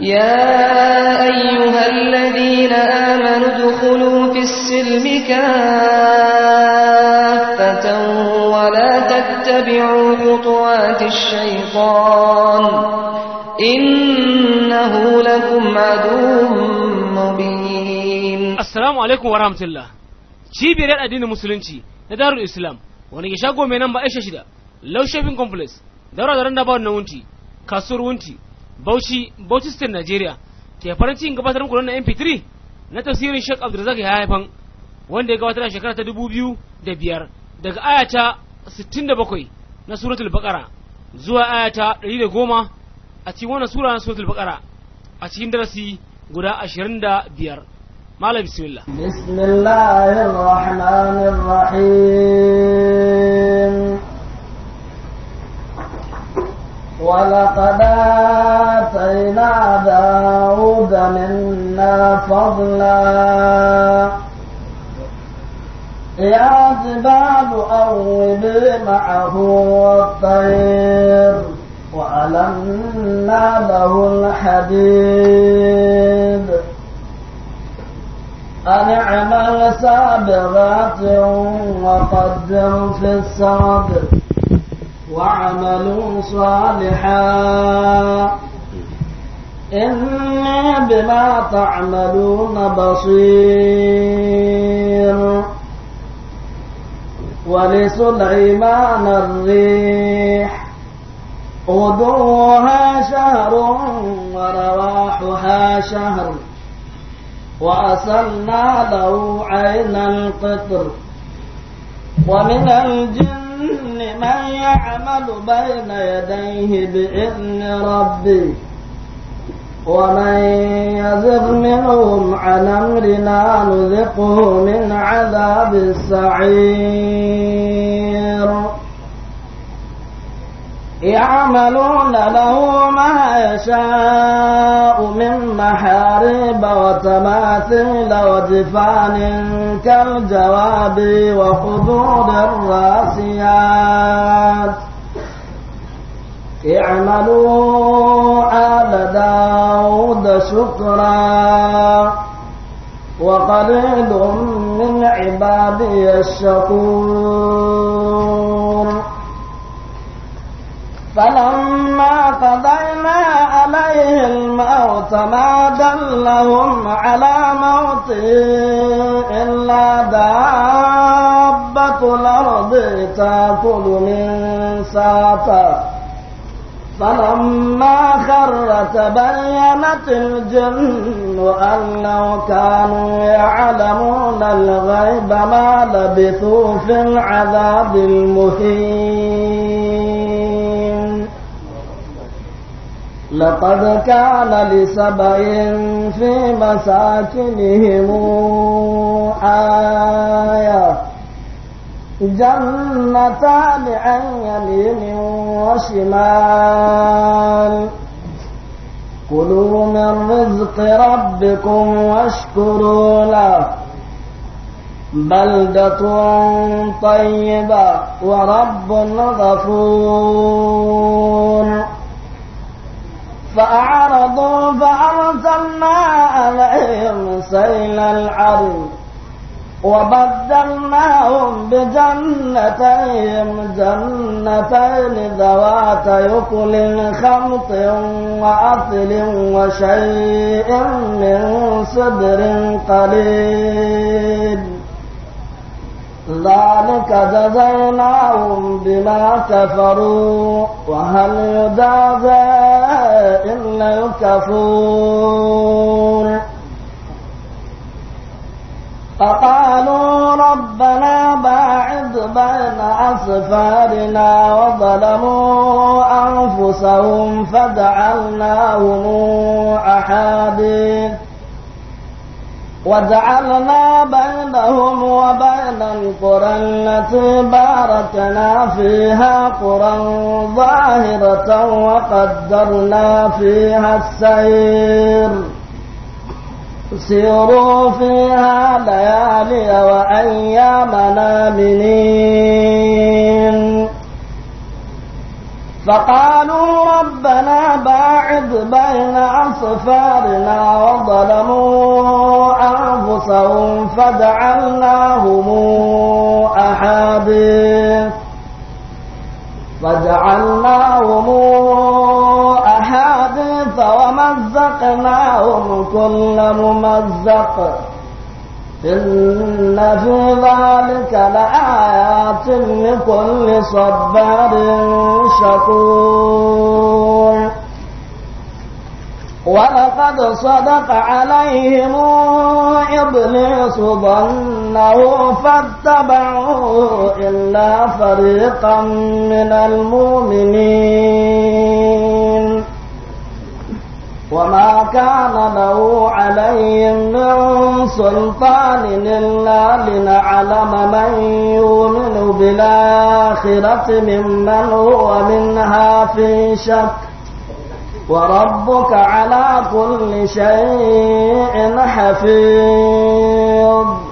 يا أيها الذين آمنوا ادخلوا في السلم كافة ولا تتبعوا خطوات الشيطان إنه لكم عدو مبين السلام عليكم ورحمة الله تشيبير الدين المسلم المسلمين ندار الإسلام وأنا ونجشاقو من نمبر إشاشدا لو شابين كومبلس دارو دارو نبار نونتي كسور ونتي Bauchi Bauchi State Nigeria ke farin gabatar muku wannan MP3 na tasirin Sheikh Abdulrazak ya haifan wanda ya gabatar a shekara ta 2005 daga aya ta 67 na suratul baqara zuwa aya ta 110 a cikin wannan sura na suratul baqara a cikin darasi guda 25 malam bismillah bismillahir rahmanir rahim ولقد آتينا داود منا فضلا يا جبال أوبي معه والطير وألنا له الحديد أن اعمل سابغات وقدر في الصدر وعملوا صالحا إني بما تعملون بصير ولسليمان الريح غدوها شهر ورواحها شهر وأسلنا له عين القطر ومن الجن إن من يعمل بين يديه بإذن ربي ومن يزغ منهم عن أمرنا نذقه من عذاب السعير يعملون له ما يشاء من محاريب وتماثيل وجفان كالجواب وحدود الراسيات اعملوا آل داود شكرا وقليل من عبادي الشكور فلما قضينا عليه الموت ما دلهم على موته إلا دابة الأرض تأكل من ساته فلما خر تبينت الجن أن لو كانوا يعلمون الغيب ما لبثوا في العذاب المهين لقد كان لسبع في مساكنهم آية جنتان عن يمين وشمال كلوا من رزق ربكم واشكروا له بلدة طيبة ورب غفور فأعرضوا فأرسلنا عليهم سيل العرم وبدلناهم بجنتين جنتين ذوات يكل خمط وأصل وشيء من صدر قليل ذلك جزيناهم بما كفروا وهل يجازى إلا الكفور فقالوا ربنا باعد بين أسفارنا وظلموا أنفسهم فجعلناهم أحاديث وجعلنا بينهم وبين القرى التي باركنا فيها قرى ظاهرة وقدرنا فيها السير سيروا فيها ليالي وأيامنا منين فقالوا ربنا باعد بين أصفارنا وظلموا أنفسهم فجعلناهم أحاديث فجعلناهم أحاديث ومزقناهم كل ممزق إن في ذلك لآيات لكل صبار شكور ولقد صدق عليهم إبليس ظنه فاتبعوا إلا فريقا من المؤمنين وما كان له عليهم من سلطان إلا لنعلم من يؤمن بالآخرة ممن هو منها في شك وربك على كل شيء حفيظ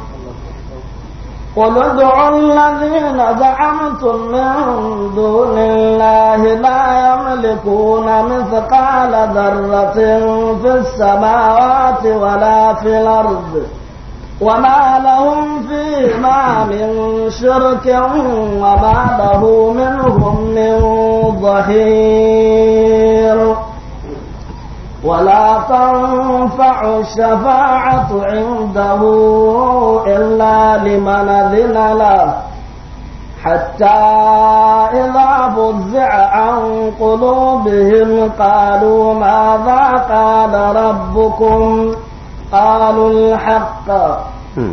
قل ادعوا الذين زعمتم من دون الله لا يملكون مثقال ذرة في السماوات ولا في الأرض وما لهم فيما من شرك وما له منهم من ظهير ولا تنفع الشفاعة عنده إلا لمن أذن له حتى إذا فزع عن قلوبهم قالوا ماذا قال ربكم قالوا الحق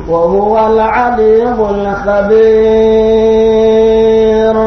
وهو العليم الخبير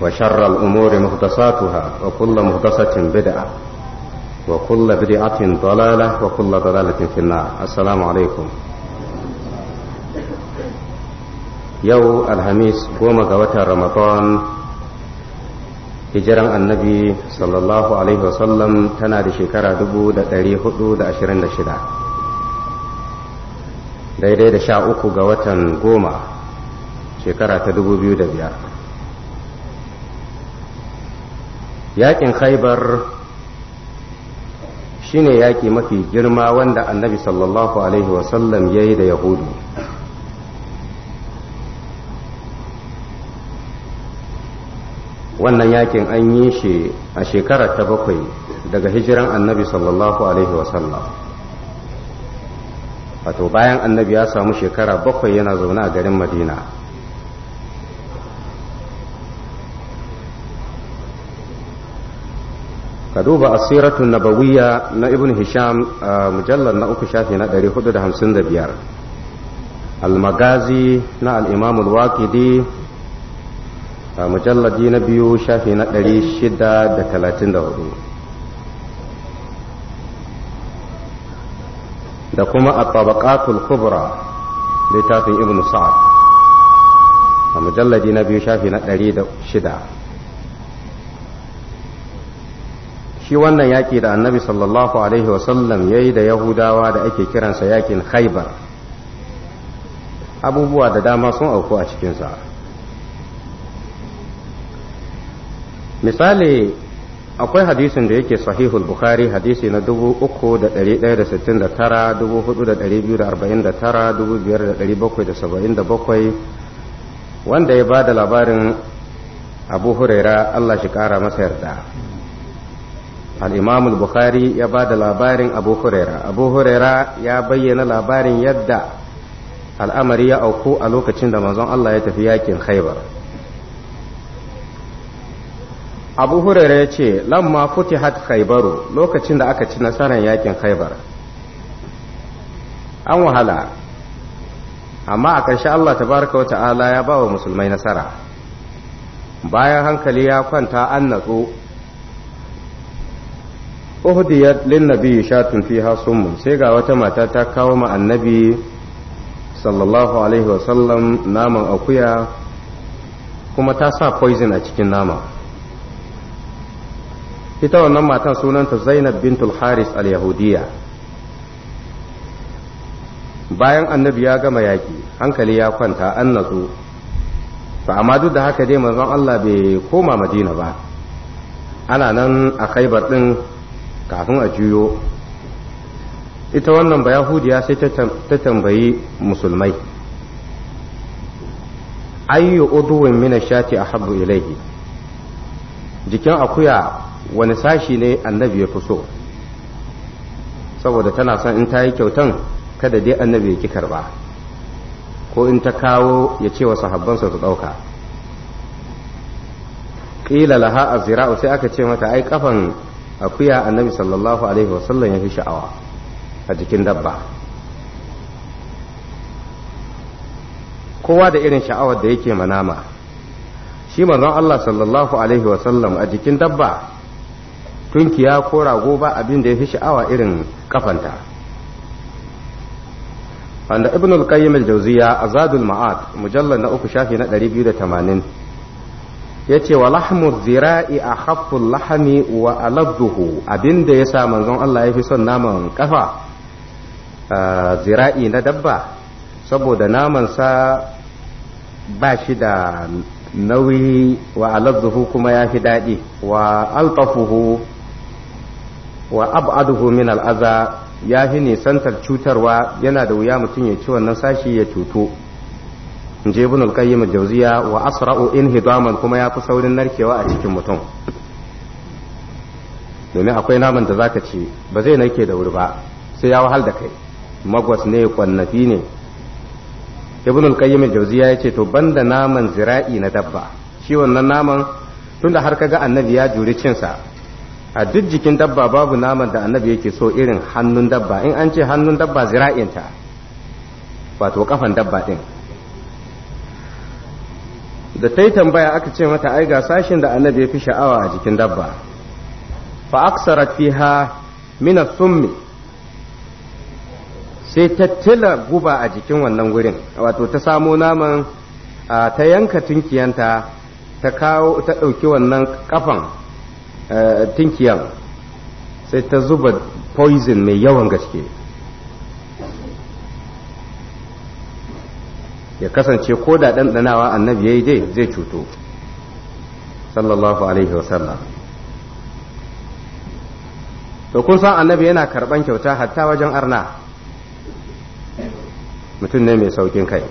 وشر الأمور مهدساتها وكل مهدسة بدعة وكل بدعة ضلالة وكل ضلالة في النار السلام عليكم يو الهميس قوم قوات رمضان hijiran annabi sallallahu alaihi wasallam tana da shekara 1426 daidai da sha uku ga watan goma shekara ta 2005 yakin khaibar shine yaki mafi girma wanda annabi sallallahu alaihi wasallam ya yi da yahudu wannan yakin an yi shi a shekarar ta bakwai daga hijiran annabi sallallahu alaihi wasallam wato bayan annabi ya samu shekara bakwai yana zaune a garin madina ka duba asiratun nabawiyya na ibn hisham a mujallar na uku shafi na 455 almagazi na al'imamul waqidi a mujalladi na biyu shafi na 634 da kuma a tabakatul kubra littafin ibn sa'ad a mujalladi na biyu shafi na 600 shi wannan yaƙi da annabi sallallahu alaihi wasallam ya yi da yahudawa da ake kiransa yaƙin haibar abubuwa da dama sun auku a cikinsa misali akwai hadisin da yake sahihul bukhari hadisi na 3,169 4,249 wanda ya ba da labarin abu huraira allah shi kara masa yarda al-imam bukhari ya ba da labarin abu huraira abu huraira ya bayyana labarin yadda al'amari ya auku a lokacin da manzon Allah ya tafi yakin khaybar abu huraira ya ce lamma futihat khaybaru lokacin da aka ci nasarar yakin khaybar an wahala amma a ƙarshe Allah tabaraka wa ta'ala ya ba wa musulmai nasara bayan hankali ya kwanta an natsu uhdiyat lin nabiyyi shatun fiha summun sai ga wata mata ta kawo ma annabi sallallahu alaihi wasallam naman akuya kuma ta sa poison a cikin nama ita wannan matan sunanta zainab bintul haris al-yahudiya bayan annabi ya gama yaƙi hankali ya kwanta an natsu ba amma duk da haka dai manzon Allah bai koma madina ba ana nan a khaibar ɗin kafin a juyo ita wannan ba yahudiya sai ta tambayi musulmai ayyu uduwin mina shati a habbu ilaihi jikin akuya wani sashi ne annabi ya fi so saboda tana son in ta yi kyautan kada dai annabi ya ki karba ko in ta kawo ya ce wa sahabbansa su ɗauka ƙila laha a zira'u sai aka ce mata ai kafan akuya annabi sallallahu alaihi wasallam ya fi sha'awa a jikin dabba kowa da irin sha'awar da yake manama shi manzon Allah sallallahu alaihi wasallam a jikin dabba tunkiya ko rago ba abin da ya fi sha'awa irin kafanta wanda ibn al-qayyim al-jawziya azadul ma'ad mujallal na uku shafi na 280 ya ce wa lahmu zira'i a haffun lahami wa aladduhu abinda ya sa manzon Allah ya fi son naman kafa ah, zira'i na dabba saboda naman sa ba shi da nauyi wa aladduhu kuma ya fi daɗi wa alƙafuhu wa ab'aduhu min al'aza ya fi nisantar cutarwa yana da wuya mutum ya ci wannan sashi ya cuto je ibn al-qayyim al-jawziya wa asra'u in inhidaman kuma ya fi saurin narkewa a cikin mutum domin akwai naman da zaka ce ba zai narke da wuri ba sai ya wahal da kai magwas ne kwannafi ne ibn al-qayyim al-jawziya yace to banda naman zira'i na dabba shi wannan naman tunda har kaga annabi ya juri cin sa a duk jikin dabba babu naman da annabi yake so irin hannun dabba in an ce hannun dabba zira'inta wato kafan dabba din da ta yi tambaya aka ce mata ai ga sashin da annabi ya fi sha'awa a jikin dabba fa aksara fiha min summi sai ta tila guba a jikin wannan gurin wato ta samo naman ta yanka tunkiyanta ta kawo ta ɗauki wannan kafan eh, tunkiyan sai ta zuba poison mai yawan gaske ya kasance ko da ɗanɗanawa annabi ya yi dai zai cuto sallallahu alaihi wasallam to kun san annabi yana karɓan kyauta hatta wajen arna mutum ne mai saukin kai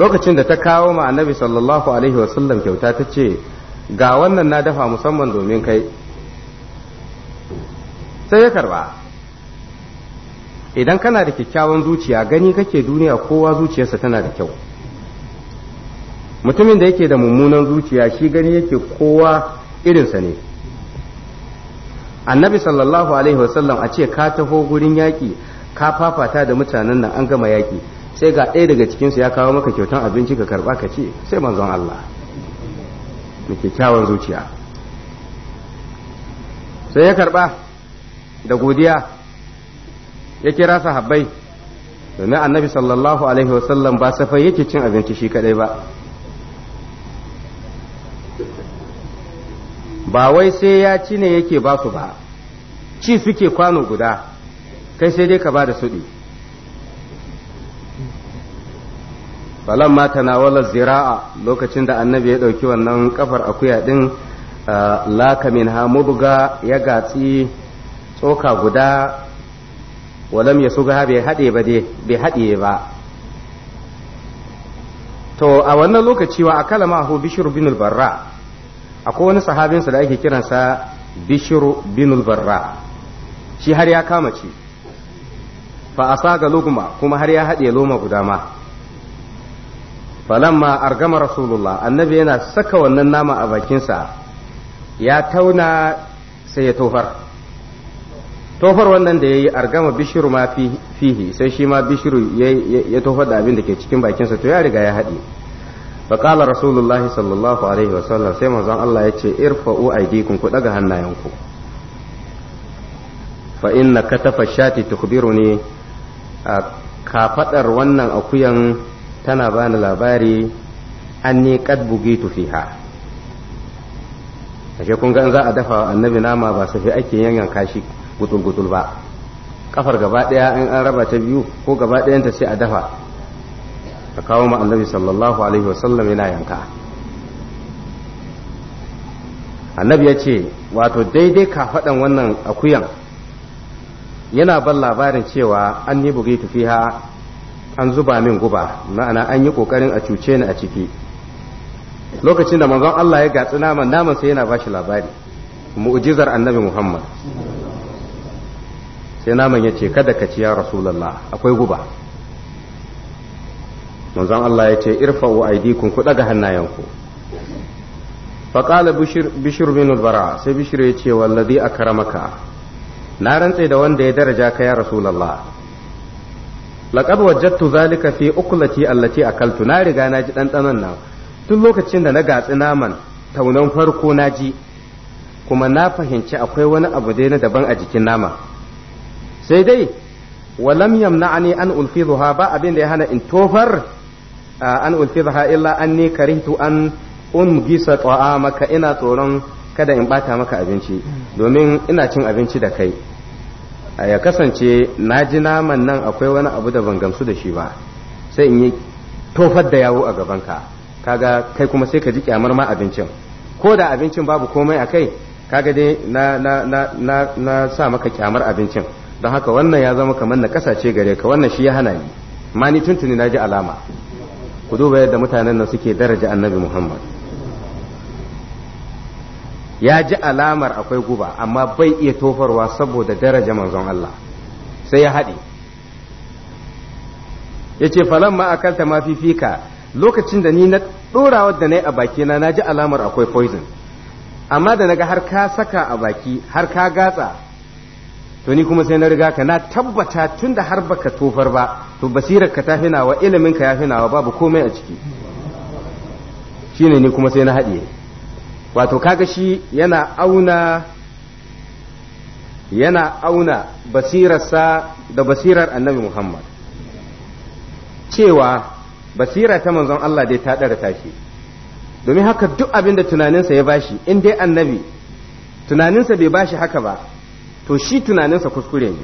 lokacin da ta kawo ma annabi sallallahu alaihi wasallam kyauta ta ce ga wannan na dafa musamman domin kai sai ya karba idan kana da kyakkyawan zuciya gani kake duniya kowa zuciyarsa tana da kyau mutumin da yake da mummunan zuciya shi gani yake kowa irinsa ne annabi sallallahu alaihi wasallam a ce ka taho gurin yaƙi ka fafata da mutanen nan an gama yaƙi sai ga ɗaya daga cikinsu ya kawo maka kyautan abinci ka karɓa ka ce sai manzon Allah da kyakkyawan zuciya sai ya karɓa da godiya ya kira sahabbai domin annabi sallallahu alaihi wasallam ba safai yake cin abinci shi kadai ba ba wai sai ya ci ne yake ba su ba ci suke kwano guda kai sai dai ka ba da suɗi falamma tanawala zira'a lokacin da annabi ya ɗauki wannan kafar akuya ɗin ah, laka min ha ya gatsi tsoka guda walam ya suga bai haɗe ba dai bai haɗe ba to a wannan lokaci wa akala hu bishir bin barra akwai wani sahabinsa da ake kiransa bishr bin barra shi har ya kama ci fa asaga lugma kuma har ya haɗe loma guda ma falamma argama rasulullah annabi yana saka wannan nama a bakinsa ya tauna sai ya tofar tofar wannan da ya yi argama bishiru ma fihi sai shi ma bishiru ya tofar da abin da ke cikin bakinsa to ya riga ya haɗe fa kala rasulullahi sallallahu alaihi wasallam sai manzon Allah ya ce irfa'u aydikum ku daga hannayenku fa inna katafa shati tukhbiruni kafadar wannan akuyan tana bani labari anni kad bugitu fiha ashe kun ga za a dafa annabi nama ba safi ake yanyanka shi gutul-gutul ba kafar gaba ɗaya in an raba ta biyu ko gaba ɗayanta sai a dafa a kawo ma annabi sallallahu alaihi wasallam yana yanka annabi ya ce wato daidai ka kafaɗan wannan akuyan yana ban labarin cewa an yi bugi fiha an zuba min guba ma'ana an yi ƙoƙarin a cuce ni a ciki lokacin da manzon Allah ya gatsi naman naman sai yana shi labari mu'ujizar annabi Muhammad sai naman ya ce kada ka ci ya rasulallah akwai guba manzon Allah ya ce irfa'u aydikum ku daga hannayenku qala bishr bishr bin bara sai bishr ya ce wallazi akramaka na rantse da wanda ya daraja ka ya rasulallah laqad wajadtu zalika fi uqlati allati akaltu na riga na ji dan nan tun lokacin da na gatsi naman taunan farko na ji kuma na fahimci akwai wani abu dai na daban a jikin nama sai dai walam yamna'ani an ulfidha ba abin da ya hana in tofar an ulfidha illa anni karihtu an ungisa maka ina tsoron kada in bata maka abinci domin ina cin abinci da kai ya kasance na ji naman nan akwai wani abu da ban gamsu da shi ba sai in yi tofar da yawo a gaban ka kaga kai kuma sai ka ji kyamar ma abincin ko da abincin babu komai a kai kaga dai na na na na sa maka kyamar abincin don haka wannan ya zama kamar na kasace gare ka wannan shi ya hana ni ma ni tuntuni na ji alama ku duba yadda mutanen nan suke daraja annabi muhammad ya ji alamar akwai guba amma bai iya tofarwa saboda daraja manzon Allah sai ya haɗe ya ce falon ma kanta ma fifika lokacin da ni na ɗora wadda na yi a bakina na ji alamar akwai poison amma da naga har ka saka a baki har ka gatsa to ni kuma sai na riga ka na tabbata da har baka tofar ba to basirar ka ta hinawa ilimin ka ya hinawa babu komai a ciki shine ni kuma sai na haɗiye wato kaga shi yana auna yana auna basirarsa da basirar annabi Muhammad cewa basira ta manzon Allah dai ta ɗara tashi domin haka duk abin da tunaninsa ya bashi in dai annabi tunaninsa bai bashi haka ba to shi tunaninsa kuskure ne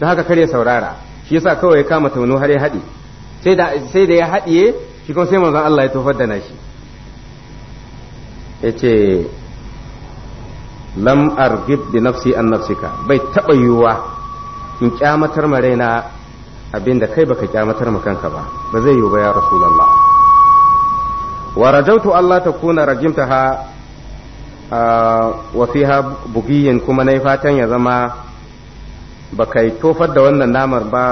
da haka kare saurara shi yasa kawai ya kama taunu har ya haɗe sai da ya haɗiye shi kuma sai manzon Allah ya tofar da nashi ya ce lam argib bi nafsi an nafsika bai taɓa yiwuwa in kyamatar ma raina abinda kai baka kyamatar ma kanka ba ba zai yiwu ba ya rasulullah wa rajautu Allah takuna rajimtaha wa fiha bugiyin kuma na fatan ya zama ba kai tofar da wannan namar ba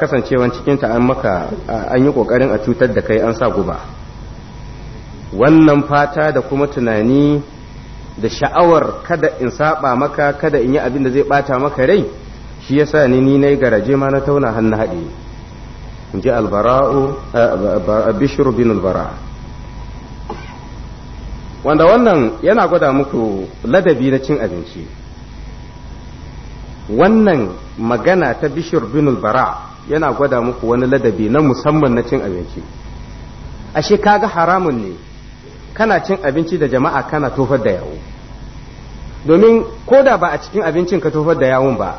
kasancewan cikinta an maka an yi ƙoƙarin a cutar da kai an sa guba wannan fata da kuma tunani da sha'awar kada in saba maka kada in yi abin da zai bata maka rai shi yasa ni ni nayi garaje ma na tauna hannu haɗe in ji albara'u bishru bin wanda wannan yana gwada muku ladabi na cin abinci wannan magana ta bishir bin bara yana gwada muku wani ladabi na musamman na cin abinci ashe kaga haramun ne kana cin abinci da jama'a kana tofar da yawo domin ko da ba a cikin abincin ka tofar da yawon ba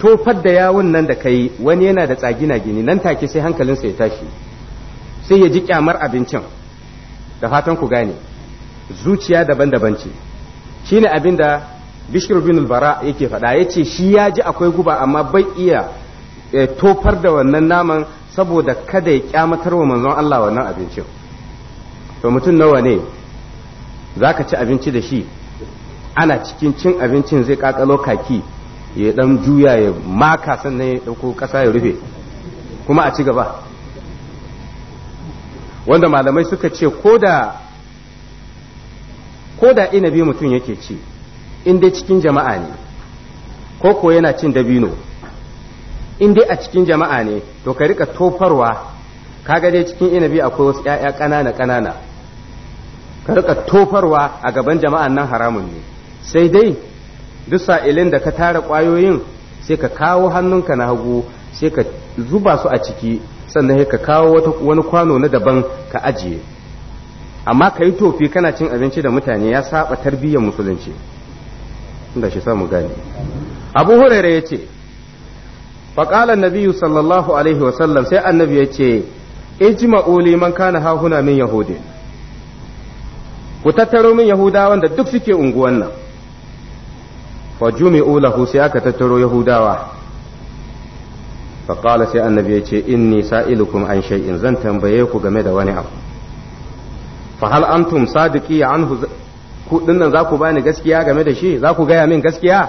tofar da yawon nan da kai wani yana da tsagina gini nan take sai hankalinsa ya tashi sai ya ji kyamar abincin da fatan ku gane zuciya daban-daban ce shi ne abin da bishir bin bara yake faɗa ya ce shi ya ji akwai guba amma bai iya eh, tofar da wannan naman saboda kada ya kyamatar wa manzon Allah wannan abincin to mutum nawa ne za ka ci abinci da shi ana cikin cin abincin zai kakalo kaki ya dan juya ya maka sannan ya dauko kasa ya rufe kuma a ci gaba wanda malamai suka ce ko da ko da inabi mutum yake ci in dai cikin jama'a ne ko ko yana cin dabino in dai a cikin jama'a ne to ka rika tofarwa kaga dai cikin inabi akwai wasu ƴaƴa ƙanana ƙanana ka rika tofarwa a gaban jama'an nan haramun ne sai dai duk sa'ilin da ka tara ƙwayoyin sai ka kawo hannunka na hagu sai ka zuba su a ciki sannan sai ka kawo wani kwano na daban ka ajiye amma ka yi tofi kana cin abinci da mutane ya saba tarbiyyar musulunci inda shi samu gani abu huraira ya ce faƙalar nabiyu sallallahu alaihi wasallam sai annabi ya ce ijma'u man kana hahuna min yahudi ku tattaro min yahudawan da duk suke unguwan nan fa jumi'u lahu sai aka tattaro yahudawa faƙala sai annabi ya ce inni sa'ilukum an shay'in zan tambaye ku game da wani abu fa hal antum sadiqi anhu ku dinnan za ku bani gaskiya game da shi za ku gaya min gaskiya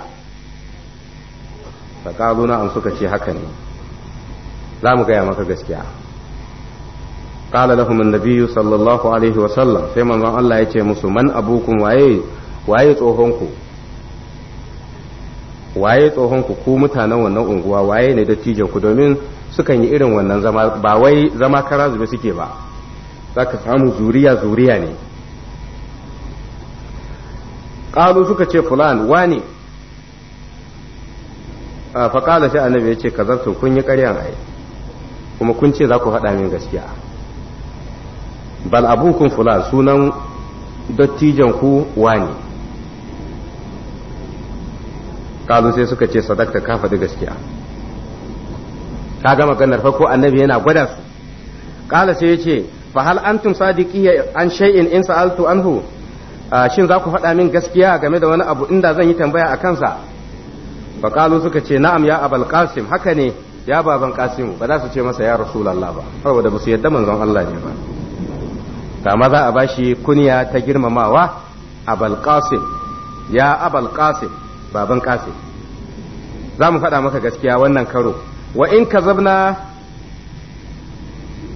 fa an suka ce haka ne za mu gaya maka gaskiya qala lahum an-nabiy sallallahu alaihi wa sallam sai manzon Allah ya ce musu man abukum waye waye tsohon ku waye tsohon ku ku mutanen wannan unguwa waye ne tijan ku domin sukan yi irin wannan zama ba wai zama karazu ba suke ba za ka samu zuriya zuriya ne ƙalu suka ce fulan wani a faƙala shi annabi ya ce ka zarto kun yi ƙaryan ai kuma kun ce za ku haɗa min gaskiya bal abukun fulan sunan dattijan ku wani ƙalu sai suka ce sadakta ka faɗi gaskiya ka ga maganar farko annabi yana gwada su ƙala sai ya ce fa hal antum sadiqiyya an shay'in in sa'altu anhu shin za ku faɗa min gaskiya game da wani abu inda zan yi tambaya a kansa fa qalu suka ce na'am ya abul qasim haka ne ya baban qasim ba za su ce masa ya rasulullah ba saboda ba su yadda manzon Allah ne ba kama za a bashi kunya ta girmamawa abul qasim ya abul qasim baban qasim za mu faɗa maka gaskiya wannan karo wa in kazabna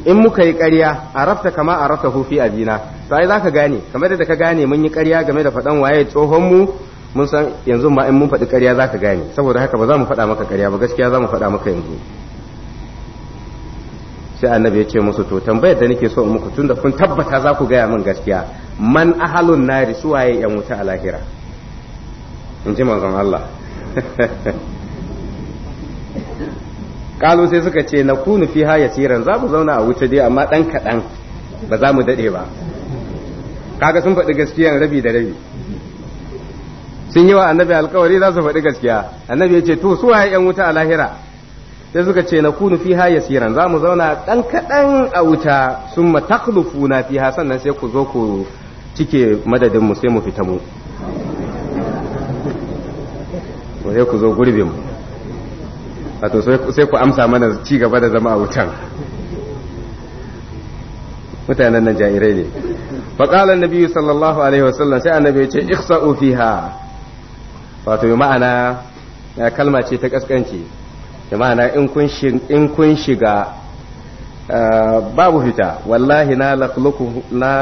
in muka yi ƙarya a rafta kama a rafta hufi a bina to ai za ka gane kamar da ka gane mun yi ƙarya game da faɗan waye tsohonmu mun san yanzu ma in mun faɗi ƙarya za ka gane saboda haka ba za mu faɗa maka ƙarya ba gaskiya za mu faɗa maka yanzu sai annabi ya ce musu to tambayar da nake so in muku tunda kun tabbata za ku gaya min gaskiya man ahalun nari suwaye yan wuta a lahira in ji manzon Allah kalu sai suka ce na kunu fi haya tsiran za mu zauna a wuce dai amma dan kaɗan ba za mu daɗe ba kaga sun faɗi gaskiya rabi da rabi sun yi wa annabi alkawari za su faɗi gaskiya annabi ya ce to su waye yan wuta a lahira sai suka ce na kunu fi haya tsiran za mu zauna dan kaɗan a wuta sun mataklufu na fi sannan sai ku zo ku cike madadin mu sai mu fita mu sai ku zo gurbin mu wato sai ku amsa mana ci gaba da zama a wutan mutanen nan jairai ne faƙala nabi sallallahu alaihi wasallam sai annabi ya ce ikhsa'u fiha wato ma'ana kalma ce ta kaskanci ma'ana in kun in kun shiga eh, babu fita wallahi na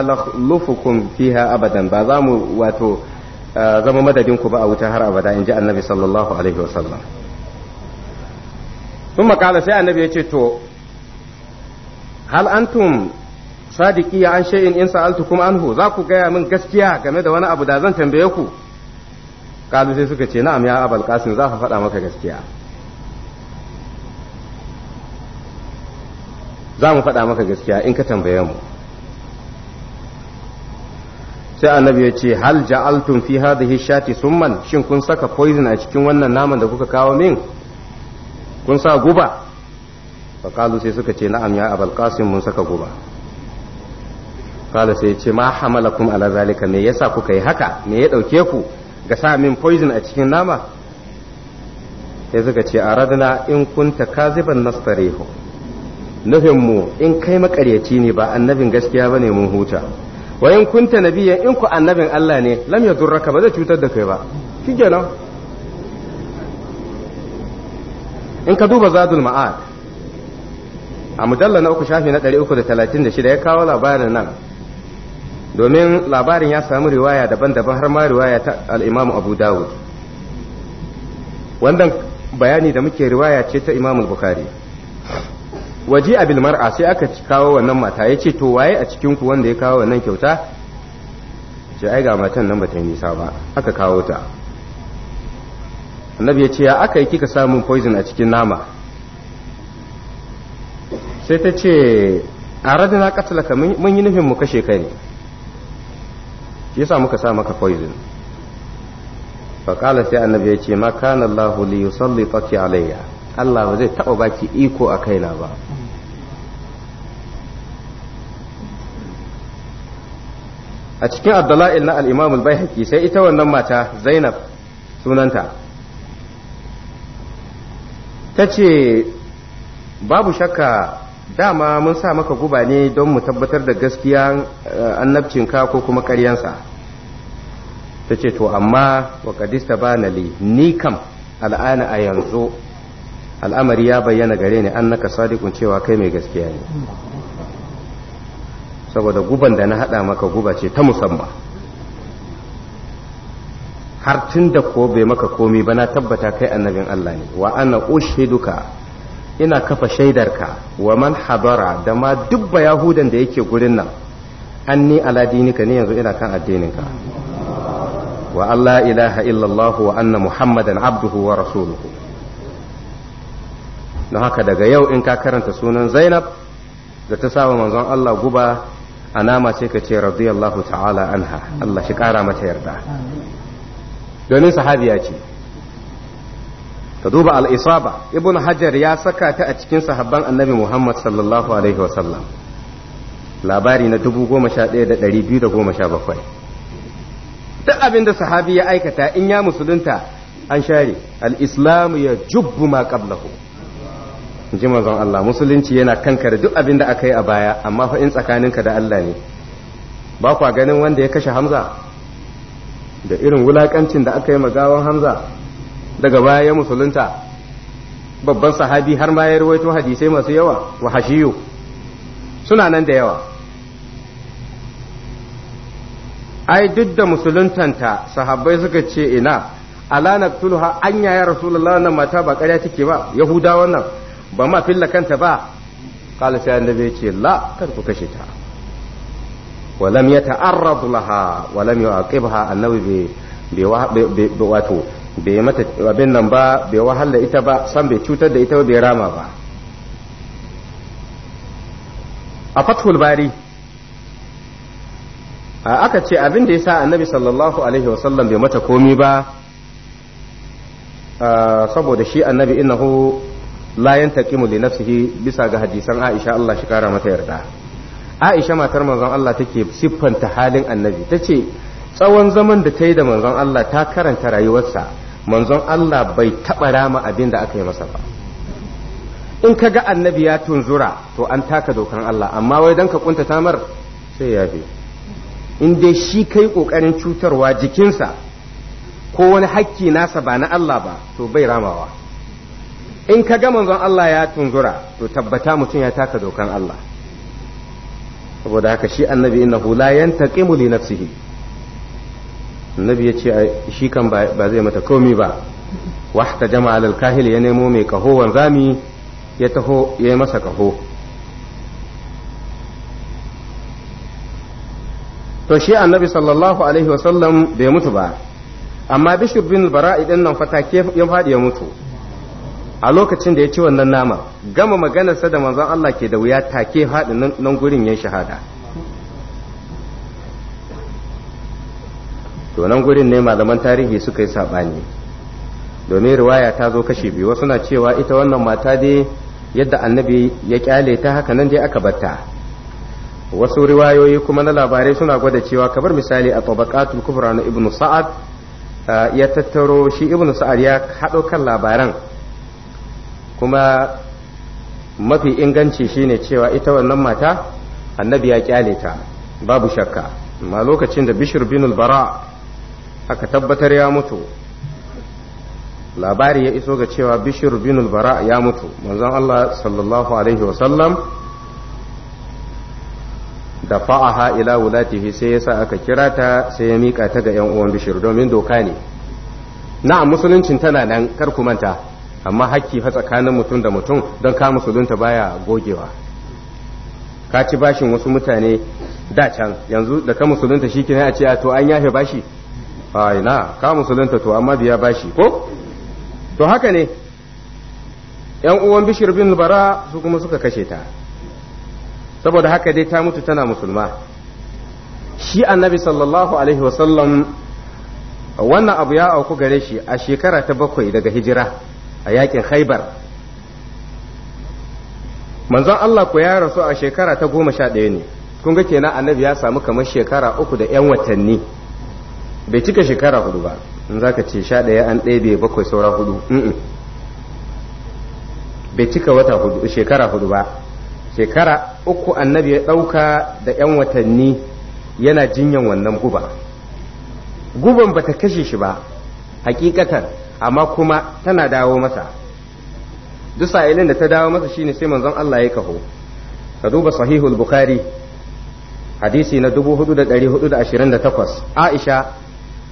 lakhlufukum fiha abadan ba za mu wato eh, zama madadin ku ba a wuta har abada in ji annabi sallallahu alaihi wasallam sun makala sai annabi ya ce to hal antum sadiki ya an sha'in in sa'altukum anhu za ku gaya min gaskiya game da wani abu da zan tambaye ku kalu sai suka ce na'am ya abal qasim za ka faɗa maka gaskiya za mu faɗa maka gaskiya in ka tambaye mu sai annabi ya ce hal ja'altum fi hadhihi shati summan shin kun saka poison a cikin wannan naman da kuka kawo min kun sa guba faƙalu sai suka ce na'am ya abal qasim mun saka guba kala sai ce ma hamalakum ala zalika me yasa kuka yi haka me ya dauke ku ga sa min poison a cikin nama sai suka ce aradna in kunta kaziban nastarihu nufin mu in kai makaryaci ne ba annabin gaskiya bane mun huta wa in kunta nabiyyan in ku annabin Allah ne lam yadurraka ba zai cutar da kai ba kenan in ka duba zadul ma'ad a mujalla na uku shafi na 336 ya kawo labarin nan domin labarin ya samu riwaya daban-daban har ma riwaya ta al'imamu abu dawud wannan bayani da muke riwaya ce ta imamu bukari waje abil mar'a sai aka kawo wannan mata ya ce to waye a cikinku wanda ya kawo wannan kyauta ce ai ga matan nan ba ta yi nisa ba aka kawo ta annabi ya ce ya aka yi kika samun poison a cikin nama sai ta ce a radina katalaka mun yi nufin mu kashe kai ne shi yasa muka sa maka poison faƙala sai annabi ya ce ma kana Allah li yusalli alayya Allah ba zai taɓa baki iko a kaina ba a cikin abdala'il na al bai al sai ita wannan mata Zainab sunanta ta ce babu shakka dama mun sa maka guba ne don mu tabbatar da gaskiya eh, ka ko kuma karyansa ta ce to amma wa kadista ba li ni kam al'ana a yanzu al'amari ya bayyana gare ni an naka sadiqun cewa kai mai gaskiya ne saboda guban da na haɗa maka guba ce ta musamman har tun da ko bai maka komi ba na tabbata kai annabin Allah ne wa ana ushiduka ina kafa shaidarka wa man hadara da ma duk bayahudan yahudan da yake gurin nan anni ala dinika ne yanzu ina kan addininka wa Allah ilaha illallah wa anna muhammadan abduhu wa rasuluhu na haka daga yau in ka karanta sunan zainab da ta saba manzon Allah guba anama sai ka ce radiyallahu ta'ala anha Allah shi kara mata yarda domin sahabiya ce ka duba al'isaba ibn hajar ya saka ta a cikin sahabban annabi muhammad sallallahu alaihi wasallam labari na 11,217 duk abin da sahabi ya aikata in ya musulunta an share al'islamu ya jubbu ma qablahu ji mazan Allah musulunci yana kankare duk abinda aka yi a baya amma fa in tsakaninka da Allah ne ba kwa ganin wanda ya kashe hamza da irin wulakancin da aka yi magawan hamza daga baya ya musulunta babban sahabi har ma ya rawaito hadisai masu yawa wa hashiyu suna nan da yawa ai duk da musuluntanta sahabbai suka ce ina ala naqtulha anya ya rasulullah nan mata ba ƙarya take ba yahudawa nan ba ma filla kanta ba qala sai annabi ya ce la kar ku kashe ta ولم يتعرض لها ولم walam النبي annabi bai wato bai mata abin nan ba bai wahala ita ba san bai cutar da ita ba bai rama ba a fathul bari aka ce abin da ya sa annabi sallallahu alaihi wasallam bai mata komi ba saboda shi annabi innahu la yantaqimu li nafsihi bisa ga hadisan Aisha Allah shi kara mata yarda aisha matar manzon Allah take siffanta halin annabi tace tsawon zaman da ta yi da manzon Allah ta karanta rayuwarsa manzon Allah bai taɓa rama abin da aka yi masa ba in ka ga annabi ya tunzura to an taka dokan Allah amma wai dan ka kunta tamar sai ya bi in dai shi kai ƙoƙarin cutarwa jikinsa ko wani hakki nasa ba na Allah ba to bai ramawa in ka ga manzon Allah ya tunzura to tabbata mutum ya taka dokan Allah saboda haka shi annabi innahu la yantaqimu li nafsihi annabi yace shi kan ba zai mata komi ba wahta jama'a al kahil ya nemo mai kaho wanzami ya taho ya yi masa kaho to shi annabi sallallahu alaihi sallam bai mutu ba amma bishir bin bara idan nan fatake ya faɗi ya mutu a lokacin da ya ci wannan nama gama maganarsa da manzon Allah ke da wuya take haɗin nan gurin ya shahada to nan gurin ne malaman tarihi suka yi saɓani domin riwaya ta zo kashi biyu wasu na cewa ita wannan mata dai yadda annabi ya kyale ta haka nan dai aka batta wasu riwayoyi kuma na labarai suna gwada cewa kamar misali a tabaqatul kubra na ibnu sa'ad ah, ya tattaro shi ibnu sa'ad ya haɗo kan labaran kuma mafi inganci shine cewa ita wannan mata annabi ya kyale ta babu shakka amma lokacin da bishir bin bara aka tabbatar ya mutu labari ya iso ga cewa bishir bin bara ya mutu manzon Allah sallallahu alaihi wasallam da fa'aha ila wulatihi sai ya sa aka kira ta sai ya mika ta ga yan uwan bishir domin doka ne na'am musuluncin tana nan kar ku manta amma hakki fa tsakanin mutum da mutum don ka musulunta baya gogewa ka ci bashin wasu mutane da can yanzu da ka musulunta shi ne a ce to an yafe bashi ai na ka musulunta to amma biya bashi ko to haka ne yan uwan bishir bin bara su kuma suka kashe ta saboda haka dai ta mutu tana musulma shi annabi sallallahu alaihi wasallam wannan abu ya auku gare shi a shekara ta bakwai daga hijira a yakin khaibar manzon Allah ku ya rasu a shekara ta goma sha ɗaya ne kun ga kenan annabi ya samu kamar shekara uku da 'yan watanni bai cika shekara hudu ba in zaka ce sha ɗaya an ɗebe bakwai saura hudu bai cika wata hudu shekara hudu ba shekara uku annabi ya ɗauka da 'yan watanni yana jinyan wannan guba guban ba ta kashe shi ba hakikatan amma kuma tana dawo masa duk sa'ilin da ta dawo masa shine sai manzon Allah ya kaho ka duba sahihul bukhari hadisi na 4428 Aisha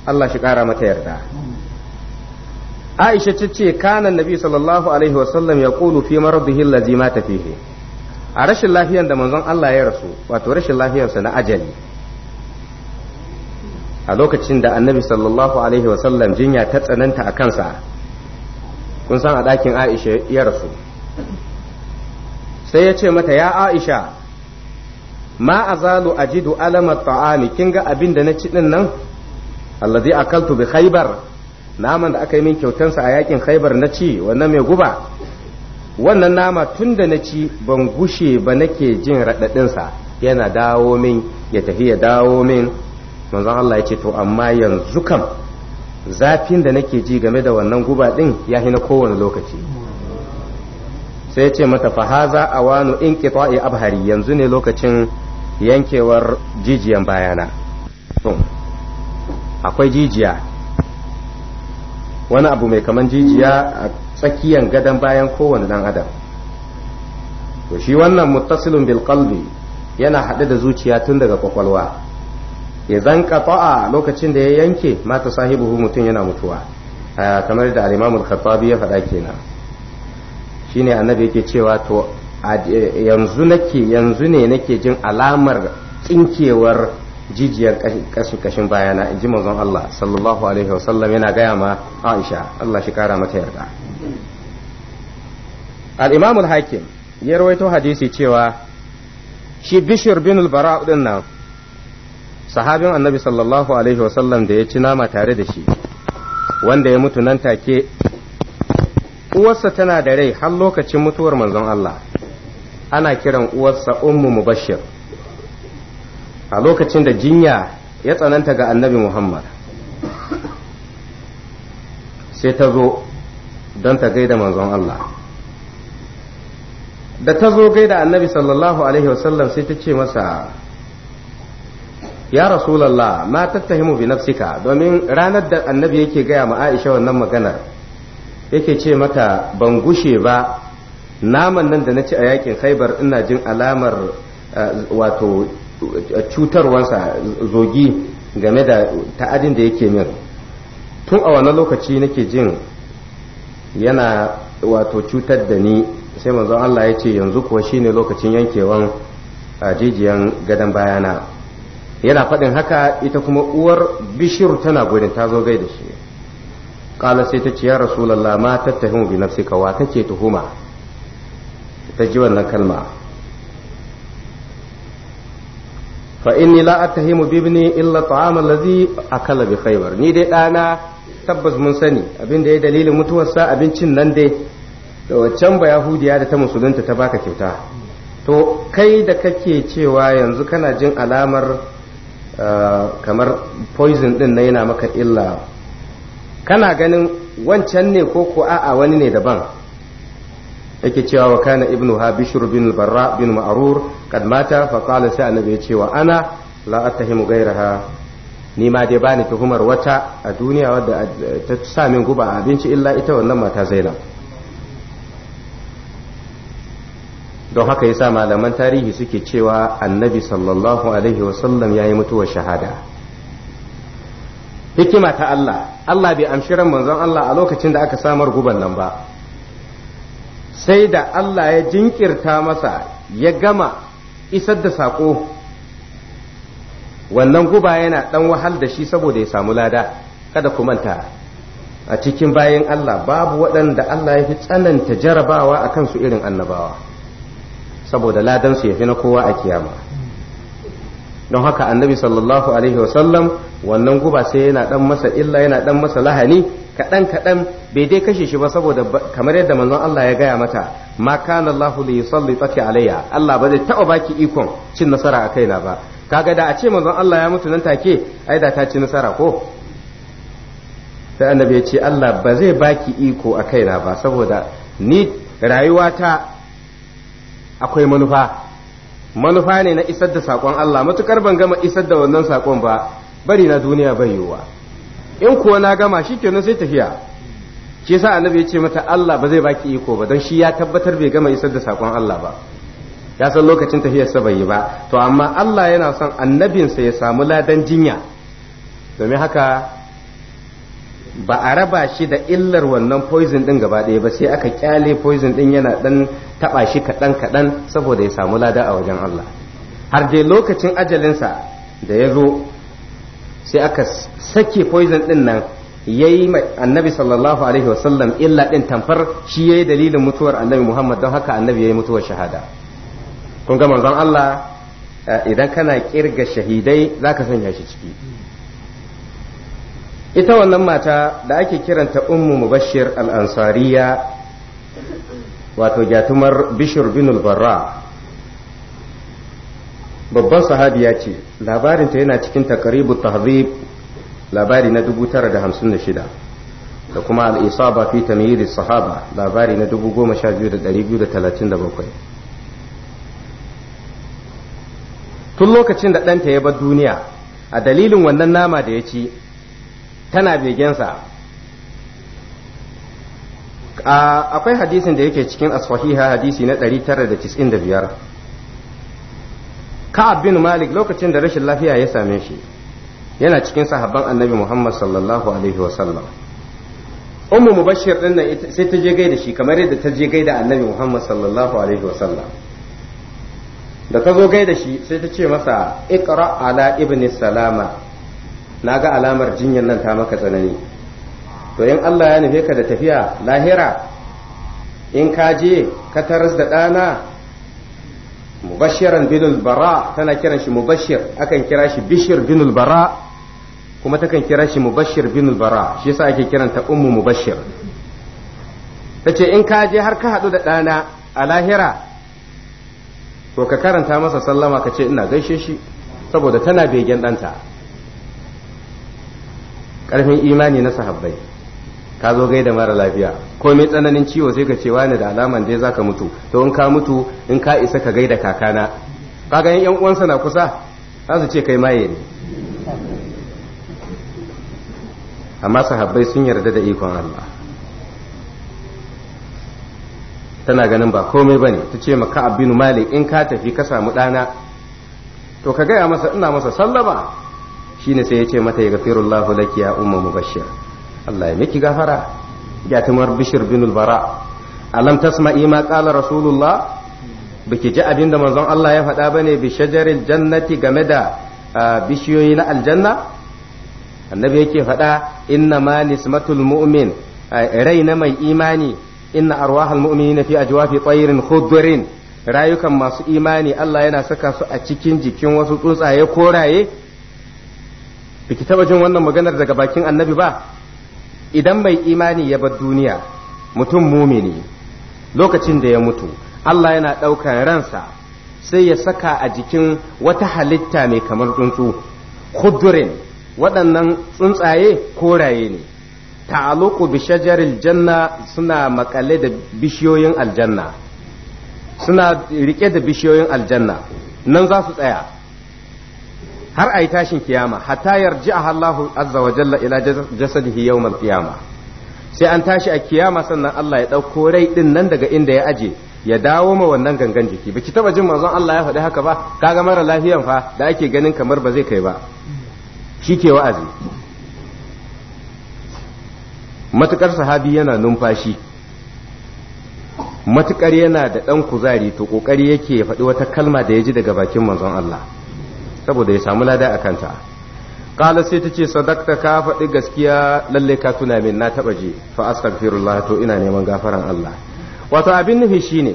Allah shi kara mata yarda Aisha ta ce kana Nabi sallallahu alaihi wasallam ya qulu fi maradihi allazi mata fihi a rashin lafiyan da manzon Allah ya rasu wato rashin lafiyarsa na ajali a lokacin da annabi sallallahu alaihi wasallam jinya ta tsananta a kansa kun san a ɗakin aisha ya rasu sai ya ce mata ya aisha ma azalu ajidu alamat ta'ami kin ga abin da na ci ɗin nan allazi akaltu bi khaybar naman da aka yi min kyautansa a yakin khaybar na ci wannan mai guba wannan nama tun da na ci ban gushe ba nake jin raɗaɗinsa yana dawo min ya tafi ya dawo min manzon Allah ya ce to amma yanzu kam zafin da nake ji game da wannan guba din ya hina kowane lokaci sai ce mata fahaza awanu in qita'i abhari yanzu ne lokacin yankewar jijiyan bayana akwai jijiya wani abu mai kaman jijiya a tsakiyan gadon bayan kowane dan adam to shi wannan muttasilun bil qalbi yana haɗe da zuciya tun daga kwakwalwa idan qata'a lokacin da ya yanke mata hu mutum yana mutuwa kamar da al-Imam al-Khattabi ya faɗa kenan shine annabi yake cewa to yanzu nake yanzu ne nake jin alamar tsinkewar jijiyar kashin bayana in ji manzon Allah sallallahu alaihi wasallam yana gaya ma Aisha Allah shi kara mata yarda al-Imam al-Hakim ya rawaito hadisi cewa shi Bishr bin al-Bara' din sahabin annabi sallallahu alaihi wasallam da ya ci nama tare da shi wanda ya mutu nan take uwarsa tana da rai har lokacin mutuwar manzon Allah ana kiran uwarsa ummu mubashir a lokacin da jinya ya tsananta ga annabi Muhammad sai ta zo don ta gaida manzon Allah da ta zo gaida annabi sallallahu alaihi wasallam sai ta ce masa ya rasulallah ma tattahimu bi nafsika domin ranar da annabi yake gaya ma Aisha wannan maganar yake ce mata ban gushe ba naman nan da na ci a yakin Khaibar ina jin alamar eh, wato cutarwansa zogi game da ta'adin da yake min tun a wannan lokaci nake jin yana wato cutar da ni sai manzon Allah ya ce yanzu kuwa shine lokacin yankewan eh, jijiyan gadon bayana yana faɗin haka ita kuma uwar bishir tana gurin ta zo gai da shi kala sai ta ce ya rasulallah ma tattahimu bi nafsika wa kake tuhuma ta ji wannan kalma fa inni la attahimu bi ibni illa ta'am allazi akala bi khaybar ni dai dana tabbas mun sani abin da ya dalilin mutuwar sa abincin nan dai da waccan ba yahudiya da ta musulunta ta baka kyauta to kai da kake cewa yanzu kana jin alamar Ah, kamar poison din na yana maka illa kana ganin wancan ne ko ko a'a wani ne daban yake cewa wa kana ibnu habishur bin barra bin ma'rur kad mata fa qala sai annabi ya ce wa ana la atahimu gairaha ni ma dai bani tuhumar wata a duniya wadda ta sa min guba abinci illa ita wannan mata zainab don haka ya sa malaman tarihi suke cewa annabi sallallahu alaihi wasallam ya yi mutuwar shahada hikima ta Allah Allah bai amshi ran manzon Allah a lokacin da aka samar guban nan ba sai da Allah ya jinkirta masa ya gama isar da saƙo wannan guba yana ɗan wahal da shi saboda ya samu lada kada ku manta a cikin bayan Allah babu waɗanda Allah ya fi tsananta jarabawa a kansu irin annabawa saboda su ya fi na kowa a kiyama don haka annabi sallallahu alaihi wasallam wannan guba sai yana dan masa illa yana dan masa lahani kaɗan kaɗan bai dai kashe shi ba saboda kamar yadda manzon Allah ya gaya mata ma kana Allah li yusalli taki alayya Allah ba zai taba baki ikon cin nasara a kaina ba kaga da a ce manzon Allah ya mutu nan take ai da ta ci nasara ko sai annabi ya ce Allah ba zai baki iko a kaina ba saboda ni rayuwata akwai manufa manufa ne na isar da saƙon Allah matukar ban gama isar da wannan saƙon ba bari na duniya bai yiwuwa in kuwa na gama shi kenan sai tafiya shi yasa annabi ya ce mata Allah ba zai baki iko ba don shi ya tabbatar bai gama isar da saƙon Allah ba ya san lokacin tafiyarsa bai yi ba to amma Allah yana son annabinsa ya samu ladan jinya domin haka ba a raba shi da illar wannan poison din gaba ɗaya ba sai aka kyale poison din yana dan taba shi kaɗan kaɗan saboda ya samu lada a wajen Allah har dai lokacin ajalinsa da ya zo sai aka sake poison din nan yayi annabi sallallahu alaihi wasallam illa din tamfar shi yayi dalilin mutuwar annabi Muhammad don haka annabi yayi mutuwar shahada kun ga manzon Allah eh, idan kana kirga shahidai zaka sanya shi ciki ita wannan mata da ake kiranta ummu mubashir al-ansariya wato gyatumar bishir bin barra babban sahabiya ce labarinta yana cikin takaribu tahzib labari na 956 da kuma al'isaba fi tamiri sahaba labari na 12,237 tun lokacin da ɗanta ya bar duniya a dalilin wannan nama da ya ci tana begensa akwai hadisin da yake cikin asfahiha hadisi na 995 ka'ab bin malik lokacin da rashin lafiya ya same shi yana cikin sahabban annabi muhammad sallallahu alaihi wasallam ummu mubashir din nan sai ta je gaida shi kamar yadda ta je gaida annabi muhammad sallallahu alaihi wasallam da ta zo gaida shi sai ta ce masa iqra ala ibni salama na ga alamar jinyar nan ta maka tsanani to in Allah ya nufe ka da tafiya lahira in ka je ka taras da ɗana mubashiran binul bara tana kiran shi mubashir akan kira shi bishir binul bara kuma takan kira shi mubashir binul bara shi yasa ake kiranta ummu mubashir tace in ka je har ka haɗu da ɗana a lahira to ka karanta masa sallama ka ce ina gaishe shi saboda tana begen ɗanta karfin imani na sahabbai ka zo gai da mara lafiya ko mai tsananin ciwo sai ka ce wani da alaman dai zaka mutu to in ka mutu in ka isa ka gaida kakana kaga yan yan uwansa na kusa za su ce kai maye ne amma sahabbai sun yarda da ikon Allah tana ganin ba komai bane ta ce maka abinu malik in ka tafi ka samu ɗana to ka gaya masa ina masa sallama shine sai ya ce mata yaghfirullahu laki ya ummu mubashir Allah ya miki gafara ya tumar bishir bin bara alam tasma ma qala rasulullah baki ji abin da manzon Allah ya faɗa bane bi shajaril jannati game da bishiyoyi na aljanna annabi yake faɗa inna ma nismatul mu'min rai na mai imani inna arwahal mu'minina fi ajwafi tayrin khudrin rayukan masu imani Allah yana saka su a cikin jikin wasu tsuntsaye koraye biki taba jin wannan maganar daga bakin annabi ba idan mai imani ya bar duniya mutum mumini lokacin da ya mutu Allah yana ɗaukan ransa sai ya saka a jikin wata halitta mai kamar tsuntsu kudurin waɗannan tsuntsaye koraye ne ta'aluku bi shajaril janna suna makale da bishiyoyin aljanna suna rike da bishiyoyin aljanna nan za su tsaya har a yi tashin kiyama hatta yarji Allahu azza wa jalla ila jasadihi yawmal qiyama sai an tashi a kiyama sannan Allah ya ɗauko rai din nan daga inda ya aje ya dawo ma wannan gangan jiki ki taba jin manzon Allah ya faɗi haka ba kaga mara lafiyan fa da ake ganin kamar ba zai kai ba shi ke wa'azi matukar sahabi yana numfashi matukar yana da ɗan kuzari to ƙoƙari yake ya faɗi wata kalma da ya ji daga bakin manzon Allah saboda ya samu lada a kanta qala sai tace sadakta ka faɗi gaskiya lalle ka tuna min na taɓa je fa astaghfirullah to ina neman gafaran Allah wato abin nufi shine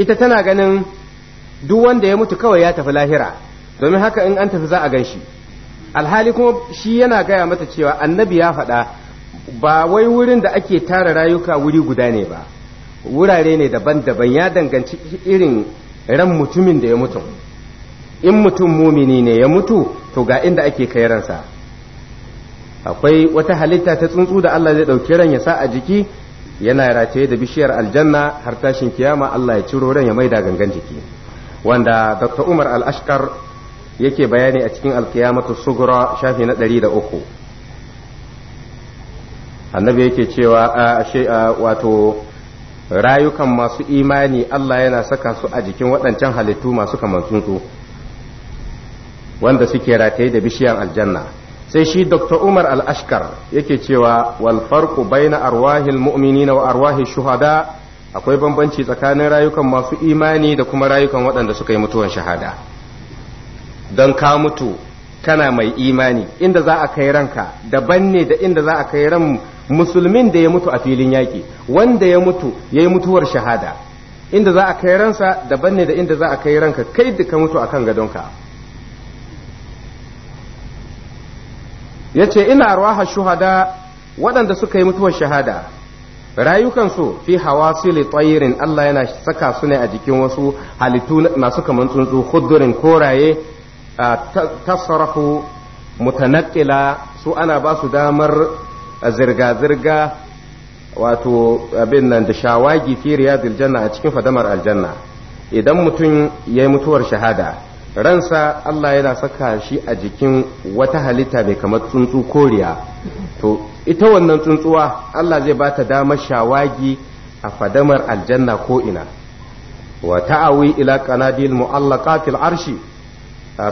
ita tana ganin duk wanda ya mutu kawai ya tafi lahira domin haka in an tafi za a ganshi alhali kuma shi yana gaya mata cewa annabi ya faɗa ba wai wurin da ake tara rayuka wuri guda ne ba wurare ne daban-daban ya danganci irin ran mutumin da ya mutu in mutum mumini ne ya mutu to ga inda ake kai ransa akwai wata halitta ta tsuntsu da Allah zai ɗauki ran ya sa a jiki yana rataye da bishiyar aljanna har tashin kiyama Allah ya ciro ran ya maida gangan jiki wanda Dr. Umar Al-Ashkar yake bayani a cikin alkiyamatu sugura shafi na ɗari da uku annabi yake cewa a wato rayukan masu imani Allah yana saka su a jikin waɗancan halittu masu kamar tsuntsu wanda suke rataye da bishiyan aljanna sai shi dr umar al-ashkar yake cewa wal farqu baina arwahil mu'minina wa arwahil shuhada akwai bambanci tsakanin rayukan masu imani da kuma rayukan waɗanda suka yi mutuwan shahada don ka mutu kana mai imani inda za a kai ranka daban ne da inda za a kai ran musulmin da ya mutu a filin yaƙi wanda ya mutu ya yi mutuwar shahada inda za a kai ransa daban ne da inda za a kai ranka kai da ka mutu akan gadonka yace ina arwaha shuhada waɗanda suka yi mutuwar shahada rayukansu fi hawa sili tsayirin Allah yana saka su ne a jikin wasu halittu masu kaman tsuntsu hudurin koraye tasarahu mutanaqila su ana ba su damar zirga-zirga wato abin nan da shawagi fi riyadil janna a cikin fadamar aljanna idan mutum ya yi mutuwar shahada ransa Allah yana saka shi a jikin wata halitta mai kamar tsuntsu koriya to ita wannan tsuntsuwa Allah zai ba ta damar shawagi a fadamar aljanna ko ina wa ta'awi ila qanadil mu'allaqatil arshi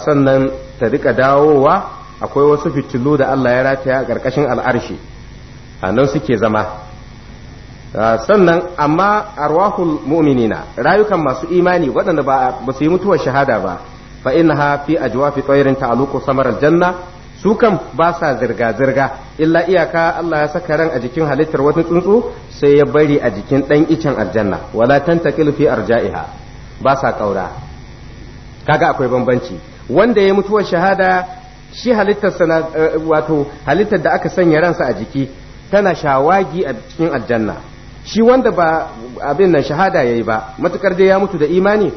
sannan ta rika dawowa akwai wasu fitilu da Allah ya rataya a ƙarƙashin al'arshi a nan suke zama sannan amma arwahul mu'minina rayukan masu imani waɗanda ba su yi mutuwar shahada ba fa innaha fi ajwafi tayrin ta'aluqu samar aljanna su kan ba sa zirga zirga illa iyaka Allah ya saka ran a jikin halittar wata tsuntsu sai ya bari a jikin dan icen aljanna wala tantakil fi arja'iha ba sa kaura kaga akwai bambanci wanda ya mutuwar shahada shi halittar sana eh, wato halittar da aka sanya ransa a jiki tana shawagi a cikin aljanna shi wanda ba abin nan shahada yayi ba matukar dai ya mutu da imani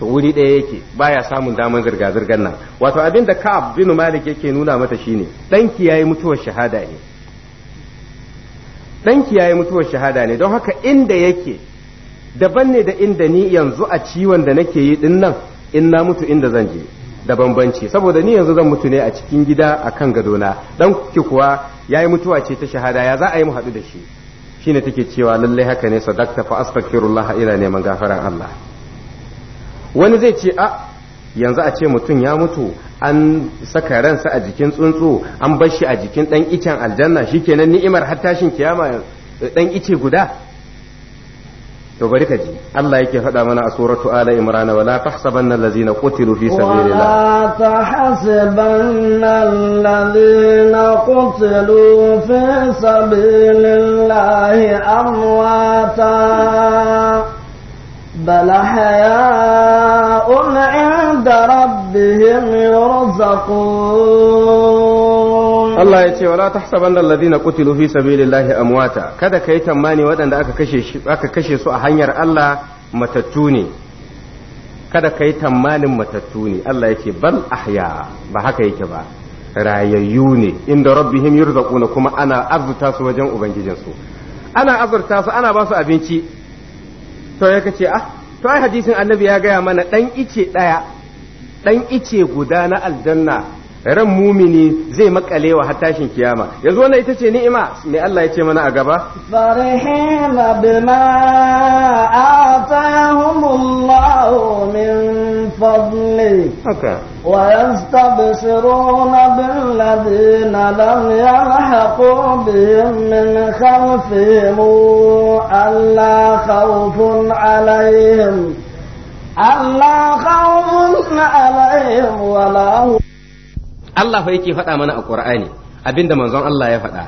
to wuri ɗaya yake baya samun damar zirga-zirgar nan wato abin da ka'ab bin malik yake nuna mata shine ɗanki ya yi mutuwar shahada ne ɗanki yi mutuwar shahada ne don haka inda yake daban ne da inda ni yanzu a ciwon da nake yi ɗin nan in na mutu inda zan je da bambanci saboda ni yanzu zan mutu ne a cikin gida a kan gadona ɗan ki kuwa ya yi mutuwa ce ta shahada ya za a yi mu haɗu da shi Shi shine take cewa lallai haka ne sadakta fa astaghfirullah ila neman gafaran Allah wani zai ce a yanzu a ce mutum ya mutu an saka ransa a jikin tsuntsu an bar shi a jikin dan icen aljanna shikenan ni'imar har tashin kiyama dan ice guda to bari ka ji Allah yake faɗa mana a suratu ala imran wala tahsabanna allazina qutilu fi sabilillah tahsabanna allazina qutilu fi sabilillah amwata بل حياء عند ربهم يرزقون الله يتي ولا تحسبن الذين قتلوا في سبيل الله امواتا kada kai tamani waɗanda aka kashe shi aka kashe su a hanyar Allah matattu ne kada kai tamanin matattu ne Allah yake bal ahya ba haka yake ba rayayyu ne inda rabbihim yurzaquna kuma ana azurta su wajen ubangijinsu ana azurta su ana ba su abinci sai ya ce ah to ai hadisin annabi ya gaya mana dan ice daya dan ice guda na aljanna ran mumini zai makalewa har tashin kiyama yanzu wannan ita ce ni'ima me Allah ya ce mana a gaba farihina bima atahumullahu min fadli haka wa yastabsiruna bil ladina lam yalhaqu bihim min khawfihim alla khawfun alayhim alla khawfun alayhim wa lahum Allah fa yake faɗa mana a Qur'ani abinda manzon Allah ya faɗa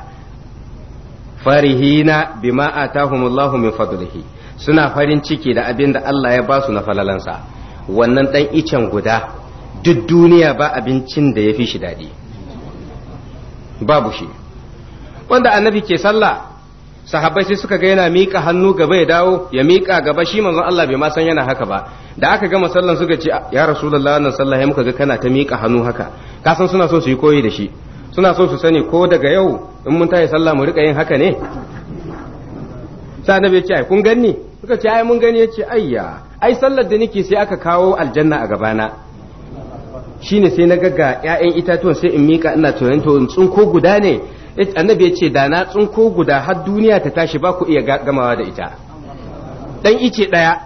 farihina bima atahumullahu min fadlihi suna farin ciki da abinda Allah ya ba su na falalansa wannan dan icen guda duk duniya ba abincin da ya fi shi daɗi babu shi wanda annabi ke sallah sahabbai sai suka ga yana miƙa hannu gaba ya dawo ya miƙa gaba shi manzon Allah bai ma san yana haka ba da aka gama sallan suka ce ya rasulullahi wannan sallah ya muka ga kana ta miƙa hannu haka kasan suna so su yi koyi da shi suna so su sani ko daga yau in mun tayi sallah mu rika yin haka ne sai annabi ya ce ai kun ganni suka ce ai mun gani ya ce ayya ai sallar da nake sai aka kawo aljanna a gabana shine sai na gaga ƴaƴan itatuwan sai in mika ina tunanin to tsunko guda ne annabi ya da na tsunko guda har duniya ta tashi ba ku iya gamawa da ita dan ice daya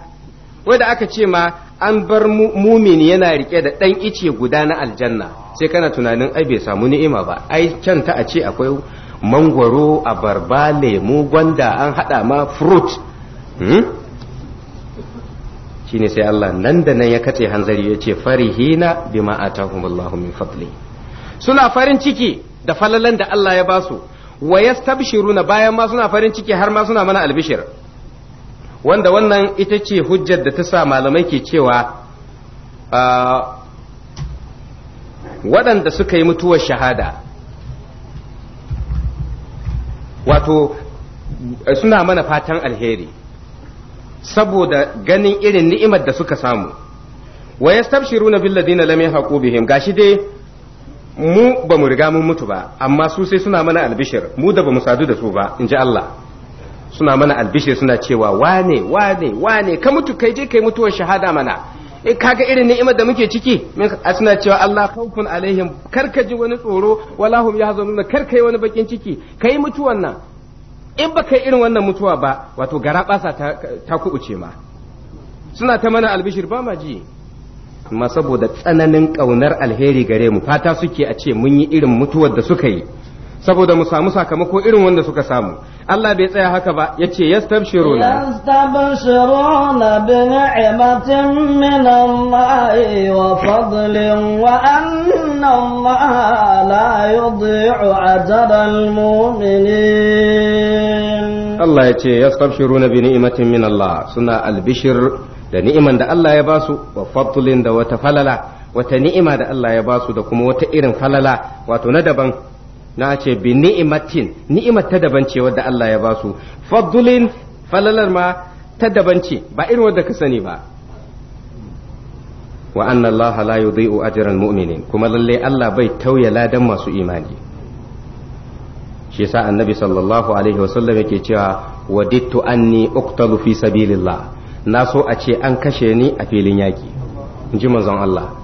wanda aka ce ma an bar mumini yana rike da dan ice guda na aljanna sai kana tunanin ai bai samu ni'ima ba ai ta a ce akwai mangwaro abarba lemu gwanda an haɗa ma fruit hmm? shine sai Allah nan da nan ya kace hanzari ya ce farihina bima atahumullahu min fadli suna farin ciki da falalan da Allah ya basu wa yastabshiruna bayan ma suna farin ciki har ma suna mana albishir wanda wannan ita ce hujjar da ta sa malamai ke cewa ah, waɗanda suka yi mutuwar shahada wato suna mana fatan alheri saboda ganin irin ni'imar da suka samu wa ya yastabshiruna bil ladina lamai haƙo bihim gashi dai mu ba mu riga mun mutu ba amma su sai suna mana albishir mu da ba mu sadu da su ba in ji Allah suna mana albishir suna cewa wane wane wane ka mutu kai je kai mutuwar shahada mana in eh, kaga irin ni'imar da muke ciki min suna cewa Allah khawfun alaihim karka ji wani tsoro wala hum yahzanuna karka yi wani bakin ciki kai mutuwan nan in baka yi irin wannan mutuwa ba wato gara basa ta kubuce ma suna ta mana albishir ba ma ji amma saboda tsananin kaunar alheri gare mu fata suke a ce mun yi irin mutuwar da suka yi saboda mu samu sakamako irin wanda suka samu Allah bai tsaya haka ba yace yastabshiruna na bi ni'matin min Allah wa fadlin wa anna Allah la yudhi'u ajra al-mu'minin Allah yace na bi ni'matin min Allah suna albishir da ni'iman da Allah ya basu wa fadlin da wata falala wata ni'ima da Allah ya basu da kuma wata irin falala wato na daban na ce bi ni'imatin ni'imar ta daban wadda Allah ya ba su faddulin falalar ma ta daban ce ba irin wadda ka sani ba wa anna Allah la yudhi'u ajran mu'minin kuma lalle Allah bai tauye ladan masu imani shi yasa annabi sallallahu alaihi wasallam yake cewa wadittu anni uqtalu fi sabilillah na so a ce an kashe ni a filin yaki in ji manzon Allah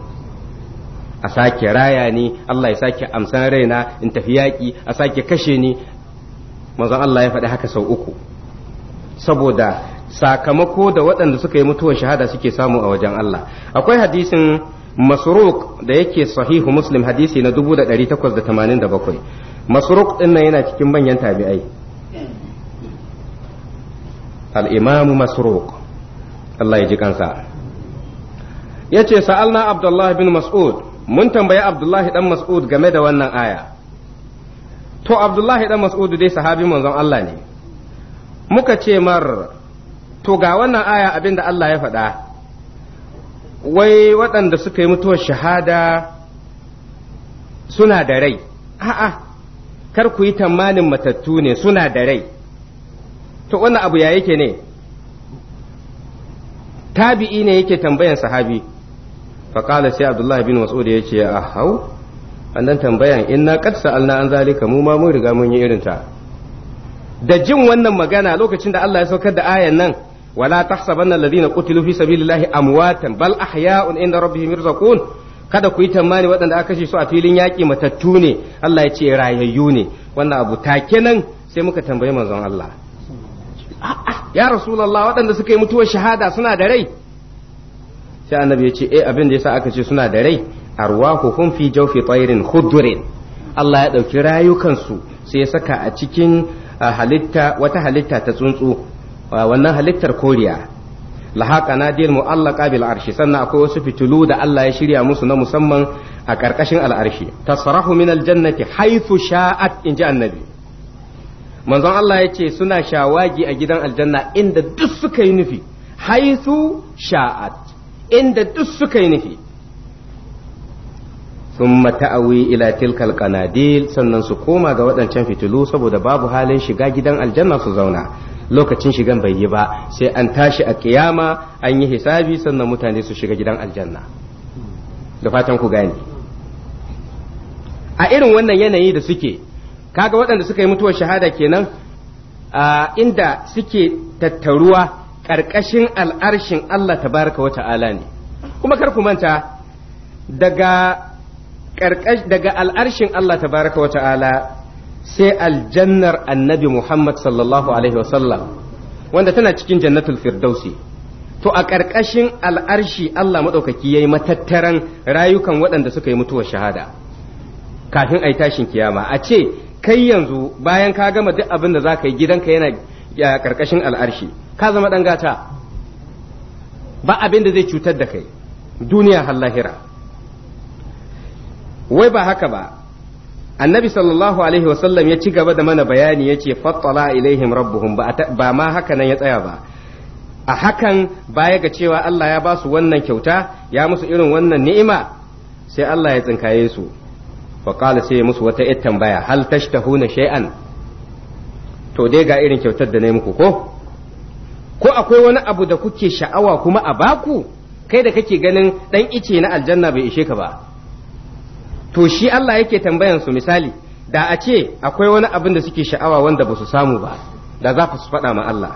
a sake raya ni Allah ya sake amsan raina in tafi yaƙi a sake kashe ni manzon Allah ya faɗi haka sau uku saboda sakamako da waɗanda suka yi mutuwar shahada suke samu a wajen Allah akwai hadisin masruq da yake sahihu muslim hadisi na 1887 masruq din nan yana cikin manyan tabi'ai al-imam masruq Allah ya ji kansa yace sa'alna abdullah bin mas'ud mun tambayi Abdullahi dan Mas'ud game da wannan aya to Abdullahi dan Mas'ud dai sahabi manzon Allah ne muka ce mar to ga wannan aya abinda Allah ya faɗa wai waɗanda suka yi mutuwar shahada suna da rai a'a kar ku yi tamanin matattu ne suna da rai to wannan abu ya yake ne tabi'i ne yake tambayan sahabi faƙala sai abdullahi bin بن ya ce a hau annan tambayan inna qad sa'alna an zalika mu ma mun riga mun yi irin ta da jin wannan magana lokacin da Allah ya saukar da ayan nan wala tahsabanna alladhina qutilu fi sabilillahi amwatan bal ahya'un inda rabbihim yarzuqun kada ku yi tamani waɗanda aka shi su a filin yaƙi matattu ne Allah ya ce rayayyu ne wannan abu take nan sai muka tambayi manzon Allah ya rasulullah waɗanda suka yi mutuwar shahada suna da rai sai annabi ya ce eh abin da yasa aka ce suna da rai arwahuhum fi jawfi tayrin khudrin Allah ya dauki rayukansu sai ya saka a cikin halitta wata halitta ta tsuntsu wannan halittar koriya lahaka nadil mu'allaqa bil arshi sannan akwai wasu fitulu da Allah ya shirya musu na musamman a karkashin al'arshi tasrahu min aljannati haythu sha'at inji annabi manzon Allah ya ce suna shawagi a gidan aljanna inda duk suka yi nufi haythu sha'at inda duk suka yi nufi sun mata'awi ila tilkal kanadil sannan su koma ga waɗancan fitilu saboda babu halin shiga gidan aljanna su zauna lokacin shigan bai yi ba sai an tashi a kiyama an yi hisabi sannan mutane su shiga gidan aljanna da fatan ku gane a irin wannan yanayi da suke kaga waɗanda suka yi mutuwar shahada kenan a inda suke tattaruwa ƙarƙashin al'arshin Allah tabaraka wa ta'ala ne kuma karku manta daga al'arshin Allah tabaraka wa ta'ala sai aljannar annabi Muhammad sallallahu alaihi wasallam wanda tana cikin jannatul firdausi to a ƙarƙashin al'arshi Allah maɗaukaki ya yi matattaran rayukan waɗanda suka yi mutuwar shahada kafin a yi tashin kiyama a ce kai yanzu bayan ka gama duk abin da za ka yi gidanka yana ya karkashin al'arshi ka zama dan gata ba abin da zai cutar da kai duniya har lahira wai ba haka ba annabi sallallahu alaihi wasallam ya ci gaba da mana bayani ya ce fattala ilaihim rabbuhum ba ma haka nan ya tsaya ba a hakan baya ga cewa Allah ya ba su wannan kyauta ya musu irin wannan ni'ima sai Allah ya tsinkaye su fa qala sai musu wata tambaya hal tashtahuna shay'an to dai ga irin kyautar da na muku ko ko akwai wani abu da kuke sha'awa kuma a baku kai da kake ganin dan ice na aljanna bai ishe ka ba to shi Allah yake tambayan su misali da a ce akwai wani abin da suke sha'awa wanda ba su samu ba da za su faɗa ma Allah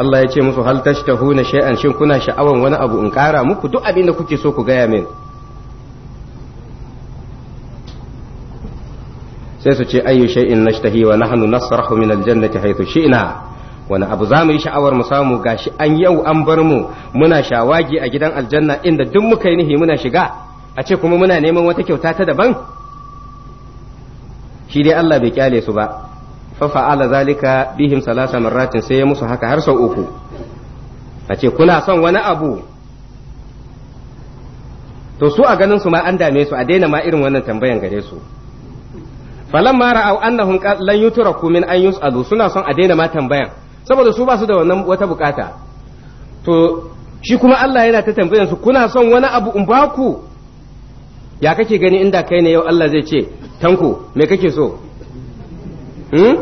Allah ya ce musu hal tashtahuna shay'an shin kuna sha'awan wani abu in ƙara muku duk abin da kuke so ku gaya min sai su ce ayyu shay'in nashtahi wa nahnu nasrahu min aljannati haythu shi'na wani abu za mu yi sha'awar mu samu gashi an yau an bar mu muna shawagi a gidan aljanna inda duk muka yi nihi muna shiga a ce kuma muna neman wata kyauta ta daban shi dai Allah bai kyale su ba fa fa'ala zalika bihim salasa marratin sai ya musu haka har sau uku a ce kuna son wani abu to su a ganin su ma an dame su a daina ma irin wannan tambayan gare su falan ma ra'aw annahum lan yutraku min an yus'alu suna son a daina ma tambayan saboda su basu da wannan wata bukata to shi kuma Allah yana ta tambayan su kuna son wani abu in baku ya kake gani inda kai ne yau Allah zai ce tanko me kake so hmm?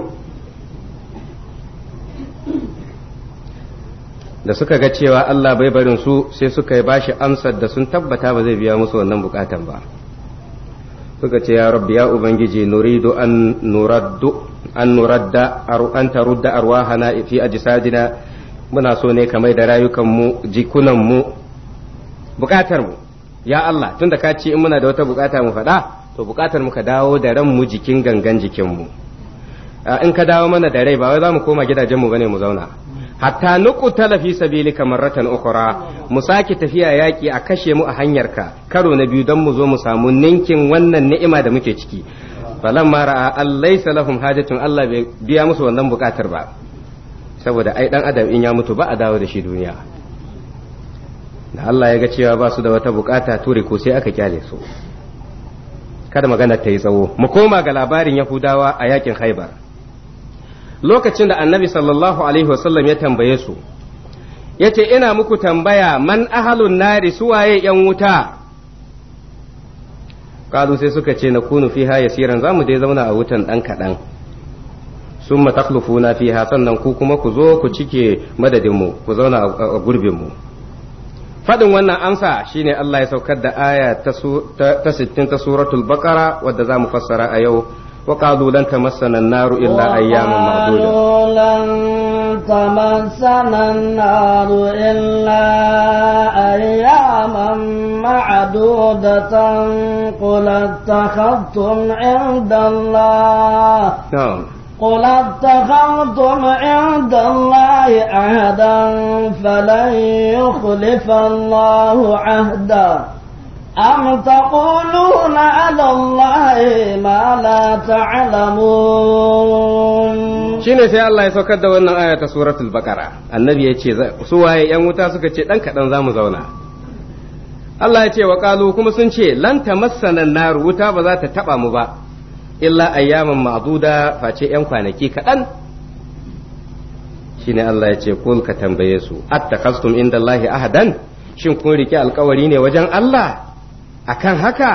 da suka ga cewa Allah bai barin su sai suka yi bashi amsar da sun tabbata ba zai biya musu wannan bukatan ba suka ce ya rabbi ya ubangiji nuridu an nuraddu an nuradda an tarudda arwahana fi ajsadina muna so ne kamar da rayukan mu jikunan mu bukatar mu ya Allah tunda ka ce in muna da wata bukata mu faɗa to bukatar mu ka dawo da ran mu jikin gangan jikin mu in ka dawo mana da rai ba wai za mu koma gidajen mu bane mu zauna hatta talafi sabili kamar ratan ukhra mu sake tafiya yaki a kashe mu a hanyarka karo na biyu don mu zo mu samu ninkin wannan ni'ima da muke ciki falamma ra'a allai lahum hajatun Allah bai biya musu wannan bukatar ba saboda ai dan adam in ya mutu ba a dawo da shi duniya da Allah ya ga cewa ba su da wata bukata ture ko sai aka kyale su kada magana ta yi tsawo mu koma ga labarin yahudawa a yakin haibar lokacin da annabi sallallahu alaihi wasallam ya tambaye su yace ina muku tambaya man ahalun nari waye yan wuta kalu sai suka ce na kunu fiha yasiran zamu dai zauna a wutan dan kadan summa na fiha sannan ku kuma ku zo ku cike madadin mu ku zauna a gurbin mu fadin wannan amsa shine Allah ya saukar da aya ta 60 ta suratul baqara wadda zamu fassara a yau وقالوا لن تمسنا النار إلا أياما معدودة لن تمسنا النار إلا أياما معدودة قل اتخذتم عند الله نعم قل اتخذتم عند الله عهدا فلن يخلف الله عهدا أم تقولون على الله ما لا تعلمون shine sai Allah ya saukar da wannan aya ta suratul baqara annabi ya ce su waye yan wuta suka ce dan kadan zamu zauna Allah ya ce wa qalu kuma sun ce lan tamassana nar wuta ba za ta taba mu ba illa ayyaman ma'duda face yan kwanaki kadan shine Allah ya ce kul ka tambaye su attakastum indallahi ahadan shin kun rike alkawari ne wajen Allah akan haka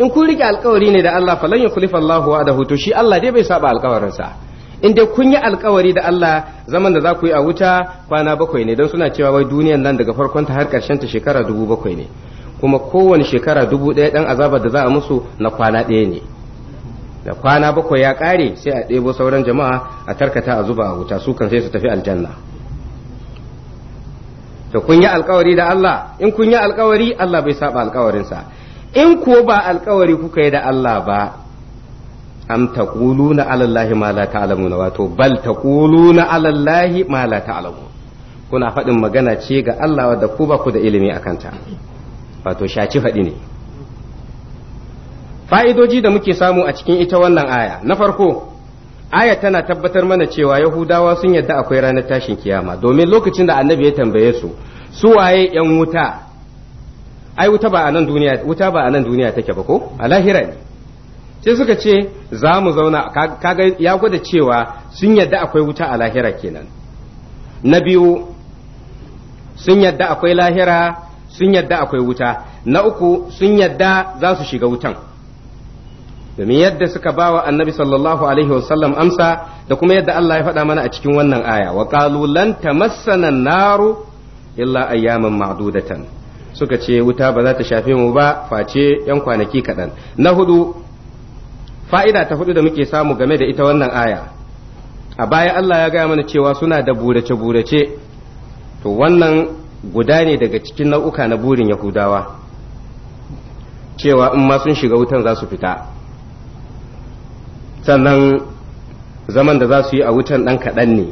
in kun rike alkawari ne da Allah falan yukhlifa Allahu da to shi Allah dai bai saba alkawarinsa in dai kun yi alkawari da Allah zaman da za ku yi a wuta kwana bakwai ne don suna cewa wai duniyan nan daga farkon ta har karshen ta shekara dubu bakwai ne kuma kowane shekara dubu ɗaya ɗan azabar da za a musu na kwana ɗaya ne da kwana bakwai ya kare sai a ɗebo sauran jama'a a tarkata a zuba a wuta su kan sai su tafi aljanna to kun yi alkawari da Allah in kun yi alkawari Allah bai saba alkawarinsa in ko ba alkawari kuka yi da Allah ba am taquluna ala Allahi ma la ta'lamuna wato bal taquluna ala Allahi ma la ta'lamun kuna faɗin magana ce ga Allah wadda ku ba ku da ilimi akan ta wato shaci faɗi ne fa'idoji da muke samu a cikin ita wannan aya na farko aya tana tabbatar mana cewa yahudawa sun yadda akwai ranar tashin kiyama domin lokacin da annabi ya tambaye su su waye yan wuta ai wuta ba a nan duniya wuta ba a nan duniya take ba ko a lahira ne sai suka ce za mu zauna kaga ya gwada cewa sun yadda akwai wuta a lahira kenan na biyu sun yadda akwai lahira sun yadda akwai wuta na uku sun yadda za su shiga wutan domin yadda suka ba wa annabi sallallahu alaihi wasallam amsa da kuma yadda Allah ya faɗa mana a cikin wannan aya wa qalu lan tamassana naru illa ayyaman ma'dudatan suka ce wuta ba za ta shafe mu ba face yan kwanaki kaɗan na hudu fa'ida ta hudu da muke samu game da ita wannan aya a baya Allah ya gaya mana cewa suna da burace-burace to wannan guda ne daga cikin nau'uka na burin yahudawa cewa in ma sun shiga wutan za su fita sannan zaman da za su yi a wutan ɗan kaɗan ne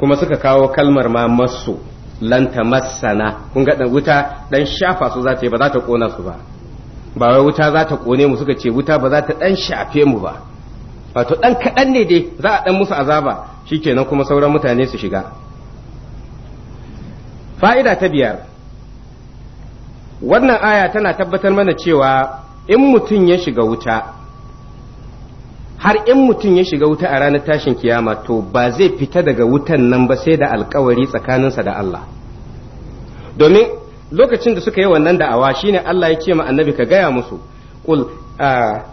kuma suka kawo kalmar ma masu lanta masana kun ga wuta ɗan shafa su za ta yi ba za ta ƙona su ba ba wai wuta za ta ƙone mu suka ce wuta ba za ta ɗan shafe mu ba wato ɗan kaɗan ne dai za a ɗan musu azaba shi shikenan kuma sauran mutane su shiga fa'ida ta biyar wannan aya tana tabbatar mana cewa in mutum ya shiga wuta har in mutum ya shiga wuta a ranar tashin kiyama to ba zai fita daga wutan nan ba sai da alkawari tsakaninsa da Allah domin lokacin da suka yi wannan da'awa shine Allah ya ce ma annabi ka gaya musu qul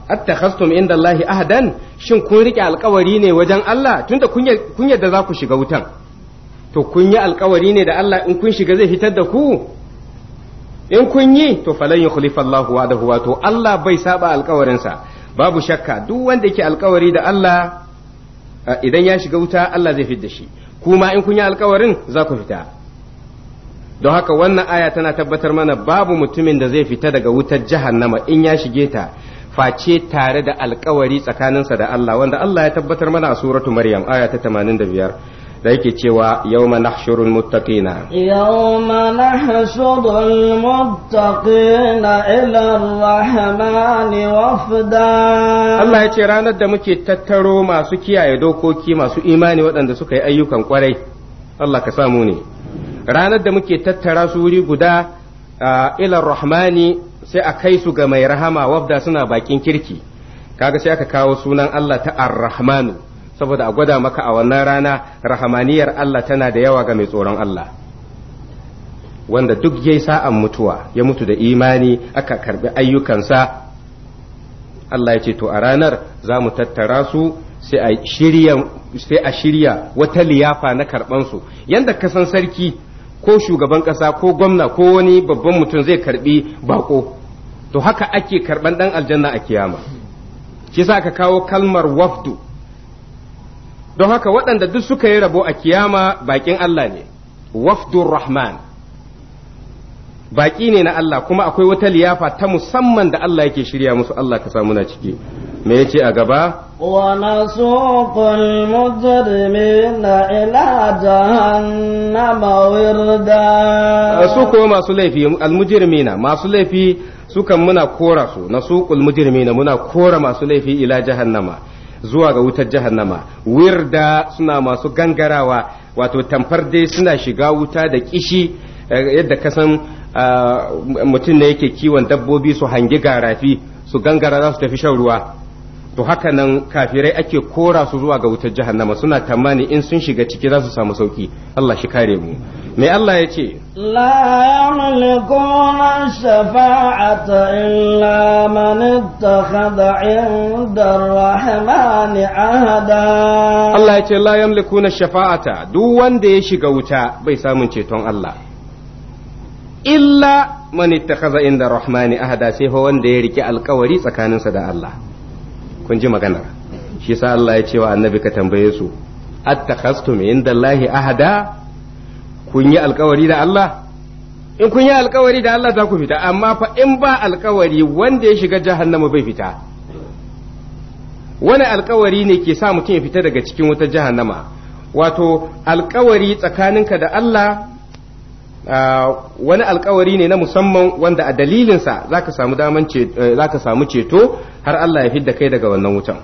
attakhastum inda Allahi ahadan shin kun rike alkawari ne wajen Allah tunda kun yadda za ku shiga wutan to kun yi alkawari ne da Allah in kun shiga zai fitar da ku in kun yi to falan yukhlifa Allahu wa'dahu wato Allah bai saba alkawarinsa babu shakka duk wanda yake alkawari da Allah idan ya shiga wuta Allah zai fidda shi kuma in kun yi alkawarin za ku fita don haka wannan aya tana tabbatar mana babu mutumin da zai fita daga wutar jahannama in ya shige ta face tare da alkawari tsakaninsa da Allah wanda Allah ya tabbatar mana a suratu Maryam aya ta 85 da yake cewa yawma nahshurul muttaqina yawma nahshurul muttaqina ila rahmani wafda Allah ya ce ranar da muke tattaro masu kiyaye dokoki masu imani waɗanda suka yi ayyukan kwarai Allah ka samu ne ranar da muke tattara su wuri guda ila rahmani sai a kai su ga mai rahama wafda suna bakin kirki kaga sai aka kawo sunan Allah ta ar saboda a gwada maka a wannan rana rahamaniyar Allah tana da yawa ga mai tsoron Allah wanda duk yayi sa'an mutuwa ya mutu da imani aka karbi ayyukansa Allah ya ce to a ranar za mu tattara su sai a shirya wata liyafa na karɓansu yadda ka san sarki ko shugaban ƙasa ko gwamna ko wani babban mutum zai karɓi bako to haka ake karban ɗan aljanna a kiyama shi sa aka kawo kalmar wafdu don haka waɗanda duk suka yi rabo a kiyama baƙin Allah ne wafdur rahman baki ne na Allah kuma akwai wata liyafa ta musamman da Allah yake shirya musu Allah ka samu na ciki me yace a gaba wa nasuqul mujrimina ila jahannama wirda su ko masu laifi al na masu laifi sukan muna kora su nasuqul mujrimina muna kora masu laifi ila jahannama zuwa ga wutar jahannama wirda suna masu gangarawa wato tamfar dai suna shiga wuta da kishi eh, yadda kasan ah, mutum ne yake kiwon dabbobi su hangi garafi su gangara za su tafi shan ruwa to haka nan kafirai ake kora su zuwa ga wutar jahannama suna tamani in sun shiga ciki za su samu sauki Allah shi kare mu mai Allah ya ce la yamlikuna shafa'ata illa man ittakhadha 'inda ar-rahman ahada Allah ya ce la yamlikuna shafa'ata duk wanda ya shiga wuta bai samun ceton Allah illa man ittakhadha 'inda ar-rahman ahada sai fa wanda ya rike alkawari tsakaninsa da Allah kun ji magana shi sa Allah ya ce wa annabi ka tambaye su attakhastum indallahi ahada kun yi alkawari da Allah in kun yi alkawari da Allah za ku fita amma fa in ba alkawari wanda ya shiga jahannama bai fita wani alkawari ne ke sa mutum ya fita daga cikin wata jahannama wato alkawari tsakaninka da Allah Ah, wani alkawari ne na musamman wanda a dalilinsa za samu eh, samu ceto har Allah ya fidda kai daga wannan wutan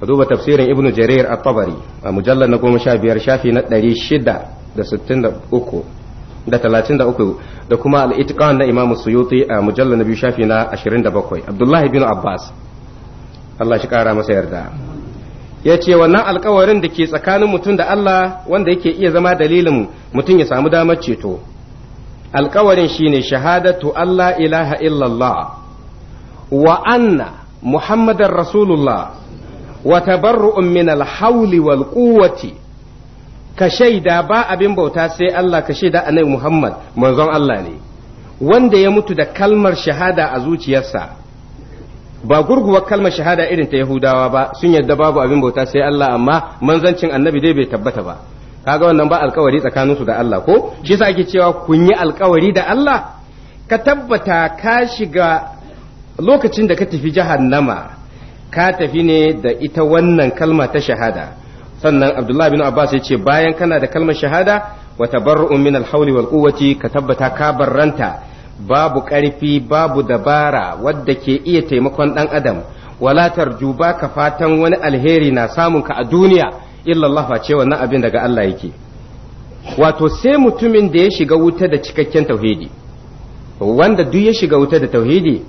ka duba tafsirin Ibn jarir a tabari a mujallar na goma sha biyar shafi na ɗari shida da sittin da uku da talatin da uku da kuma al na imamu suyuti a mujallar na biyu shafi na ashirin da bakwai abdullahi bin abbas Allah shi kara masa yarda ya ce wannan alkawarin da ke tsakanin mutum da Allah wanda yake iya zama dalilin mutum ya samu damar ceto alkawarin shine shahadatu Allah ilaha illallah wa anna muhammadar rasulullah wa tabarru'un min alhawli wal quwwati ka shaida ba abin bauta sai Allah ka shaida annabi Muhammad manzon Allah ne wanda ya mutu da kalmar shahada a zuciyarsa ba gurguwar kalmar shahada irin ta Yahudawa ba sun yadda babu abin bauta sai Allah amma manzancin annabi dai bai tabbata ba kaga wannan ba alkawari su da Allah ko shi yasa ake cewa kun yi alkawari da Allah ka tabbata ka shiga lokacin da ka tafi jahannama ka tafi ne da ita wannan kalma ta shahada sannan Abdullahi bin Abbas ya ce bayan kana da kalmar shahada wa tabarru'un min al-hawli wal quwwati ka tabbata ka barranta babu ƙarfi babu dabara wadda ke iya taimakon ɗan adam wala tarju ka fatan wani alheri na samun ka a duniya illallah face wannan abin daga Allah yake wato sai mutumin da ya shiga wuta da cikakken tauhidi wanda duk ya shiga wuta da tauhidi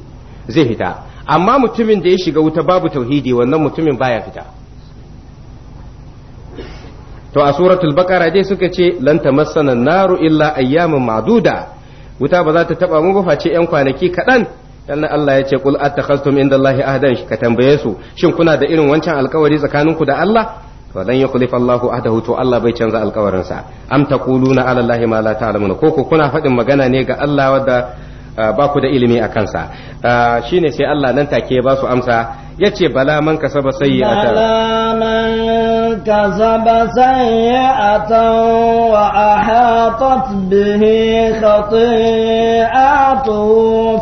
zai fita amma mutumin da ya shiga wuta babu tauhidi wannan mutumin baya fita to a suratul baqara dai suka ce lan tamassana naru illa ayyamin ma'duda wuta ba za ta taba mu ba face yan kwanaki kaɗan dan Allah ya ce kul inda indallahi ahdan ka tambaye su shin kuna da irin wancan alkawari tsakaninku da Allah to lan yukhlifa Allahu ahdahu to Allah bai canza alkawarinsa am taquluna ala Allahi ma la ta'lamuna ko ko kuna faɗin magana ne ga Allah wadda ba ku da ilimi a kansa shi ne sai Allah nan take ba su amsa ya ce bala man kasaba sayyata bala man a sayyata wa ahatat bihi a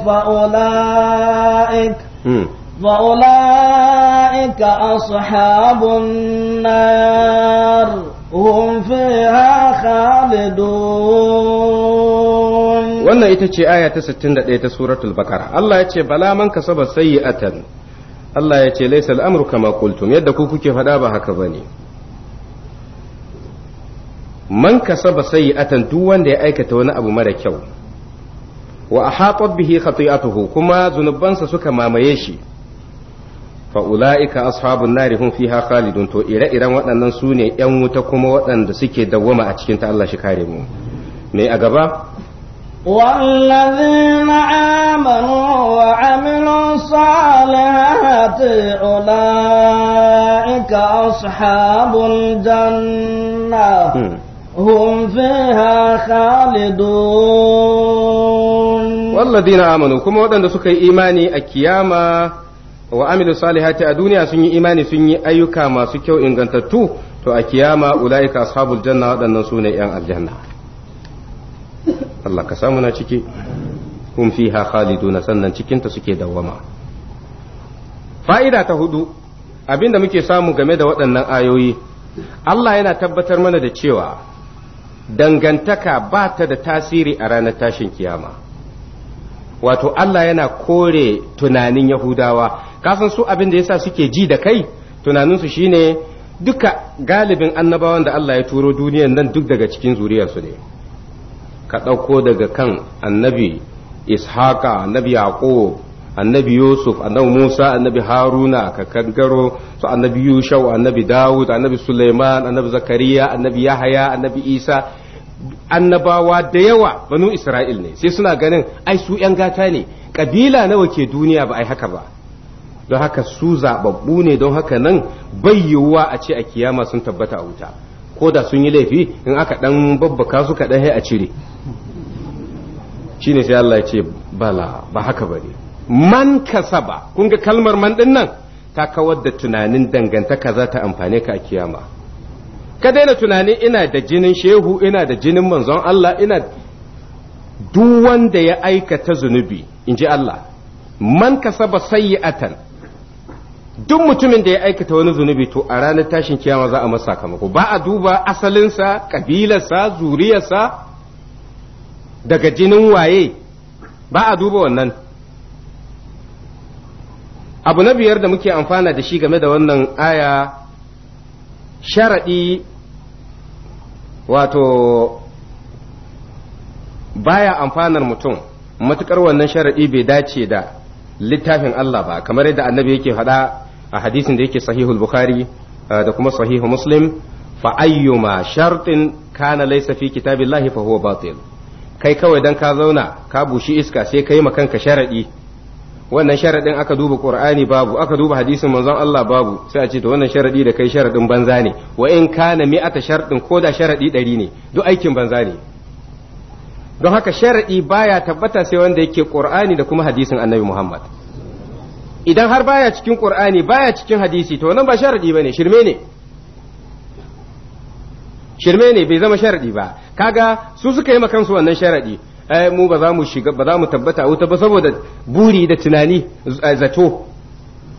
fa ulaik فأولئك أصحاب النار هم فيها خالدون wannan ita ce aya ta 61 ta suratul bakara Allah ya ce bala man kasaba sayyi'atan Allah ya ce laysa al'amru kama qultum yadda ku kuke faɗa ba haka bane man kasaba sayyi'atan duk wanda ya aikata wani abu mara kyau wa ahata bihi khati'atuhu kuma zunubansa suka mamaye shi fa ulaika ashabun nari hum fiha khalidun to ire-iren waɗannan sune ne ‘yan wuta kuma waɗanda suke dawwama a cikin ta Allah shi kare mu me a gaba والذين آمنوا وعملوا الصالحات أولئك أصحاب الجنة هم فيها خالدون والذين آمنوا كما ودن سكي إيماني الكيامة وعملوا الصالحات الدنيا سني إيماني سني أيكا ما سكيو إنغنتتو تو أكيامة أولئك أصحاب الجنة ودن سوني أن الجنة Allah ka samu na ciki kun ha khalidu na sannan cikinta ta suke dawwama fa'ida ta hudu abinda muke samu game da waɗannan ayoyi Allah yana tabbatar mana da cewa dangantaka ba ta da tasiri a ranar tashin kiyama wato Allah yana kore tunanin Yahudawa kasan su abin da yasa suke ji da kai tunaninsu shine duka galibin annabawan da Allah ya turo duniyan nan duk daga cikin zuriyarsu ne ka ɗauko daga kan annabi ishaka annabi yaqub annabi yusuf annabi musa annabi haruna ka kaggaro su annabi yushau annabi dawud annabi suleiman annabi zakariya annabi yahaya annabi isa annabawa da yawa banu isra'il ne sai suna ganin ai su yan gata ne kabila nawa ke duniya ba ai haka ba don haka su zababbu ne don haka nan bai a ce a kiyama sun tabbata a wuta ko da sun yi laifi in aka dan babbaka su kaɗan sai a cire shine sai Allah ya ce bala ba haka bane man kasaba kun ga kalmar man din nan ta kawar da tunanin dangantaka za ta amfane ka a kiyama ka daina tunanin ina da jinin shehu ina da jinin manzon Allah ina duk wanda ya aikata zunubi in ji Allah man kasaba sayyi'atan duk mutumin da ya aikata wani zunubi to a ranar tashin kiyama za a masa sakamako ba a duba asalinsa kabilarsa zuriyarsa daga jinin waye ba a duba wannan abu na biyar da muke amfana da shi game da wannan aya sharaɗi wato baya amfanar mutum matukar wannan sharaɗi bai dace da littafin Allah ba kamar yadda annabi yake faɗa a hadisin da yake sahihul bukhari uh, da kuma sahihu muslim fa ayyuma shartin kana laysa fi kitabillahi fa huwa batil kai kawai dan ka zauna ka bushi iska sai kai ma kanka sharadi wannan sharadin aka duba qur'ani babu aka duba hadisin manzon Allah babu sai a ce to wannan sharadi da kai sharadin banza ne wa in kana mi'ata shartin ko da sharadi ɗari ne duk aikin banza ne don haka sharadi baya tabbata sai wanda yake qur'ani da kuma hadisin annabi Muhammad idan har baya cikin qur'ani baya cikin hadisi to nan ba sharadi bane shirme ne shirme ne bai zama sharadi ba kaga su suka yi makansu wannan sharadi ai eh, mu ba za mu shiga ba za mu tabbata wuta ba saboda buri da tunani zato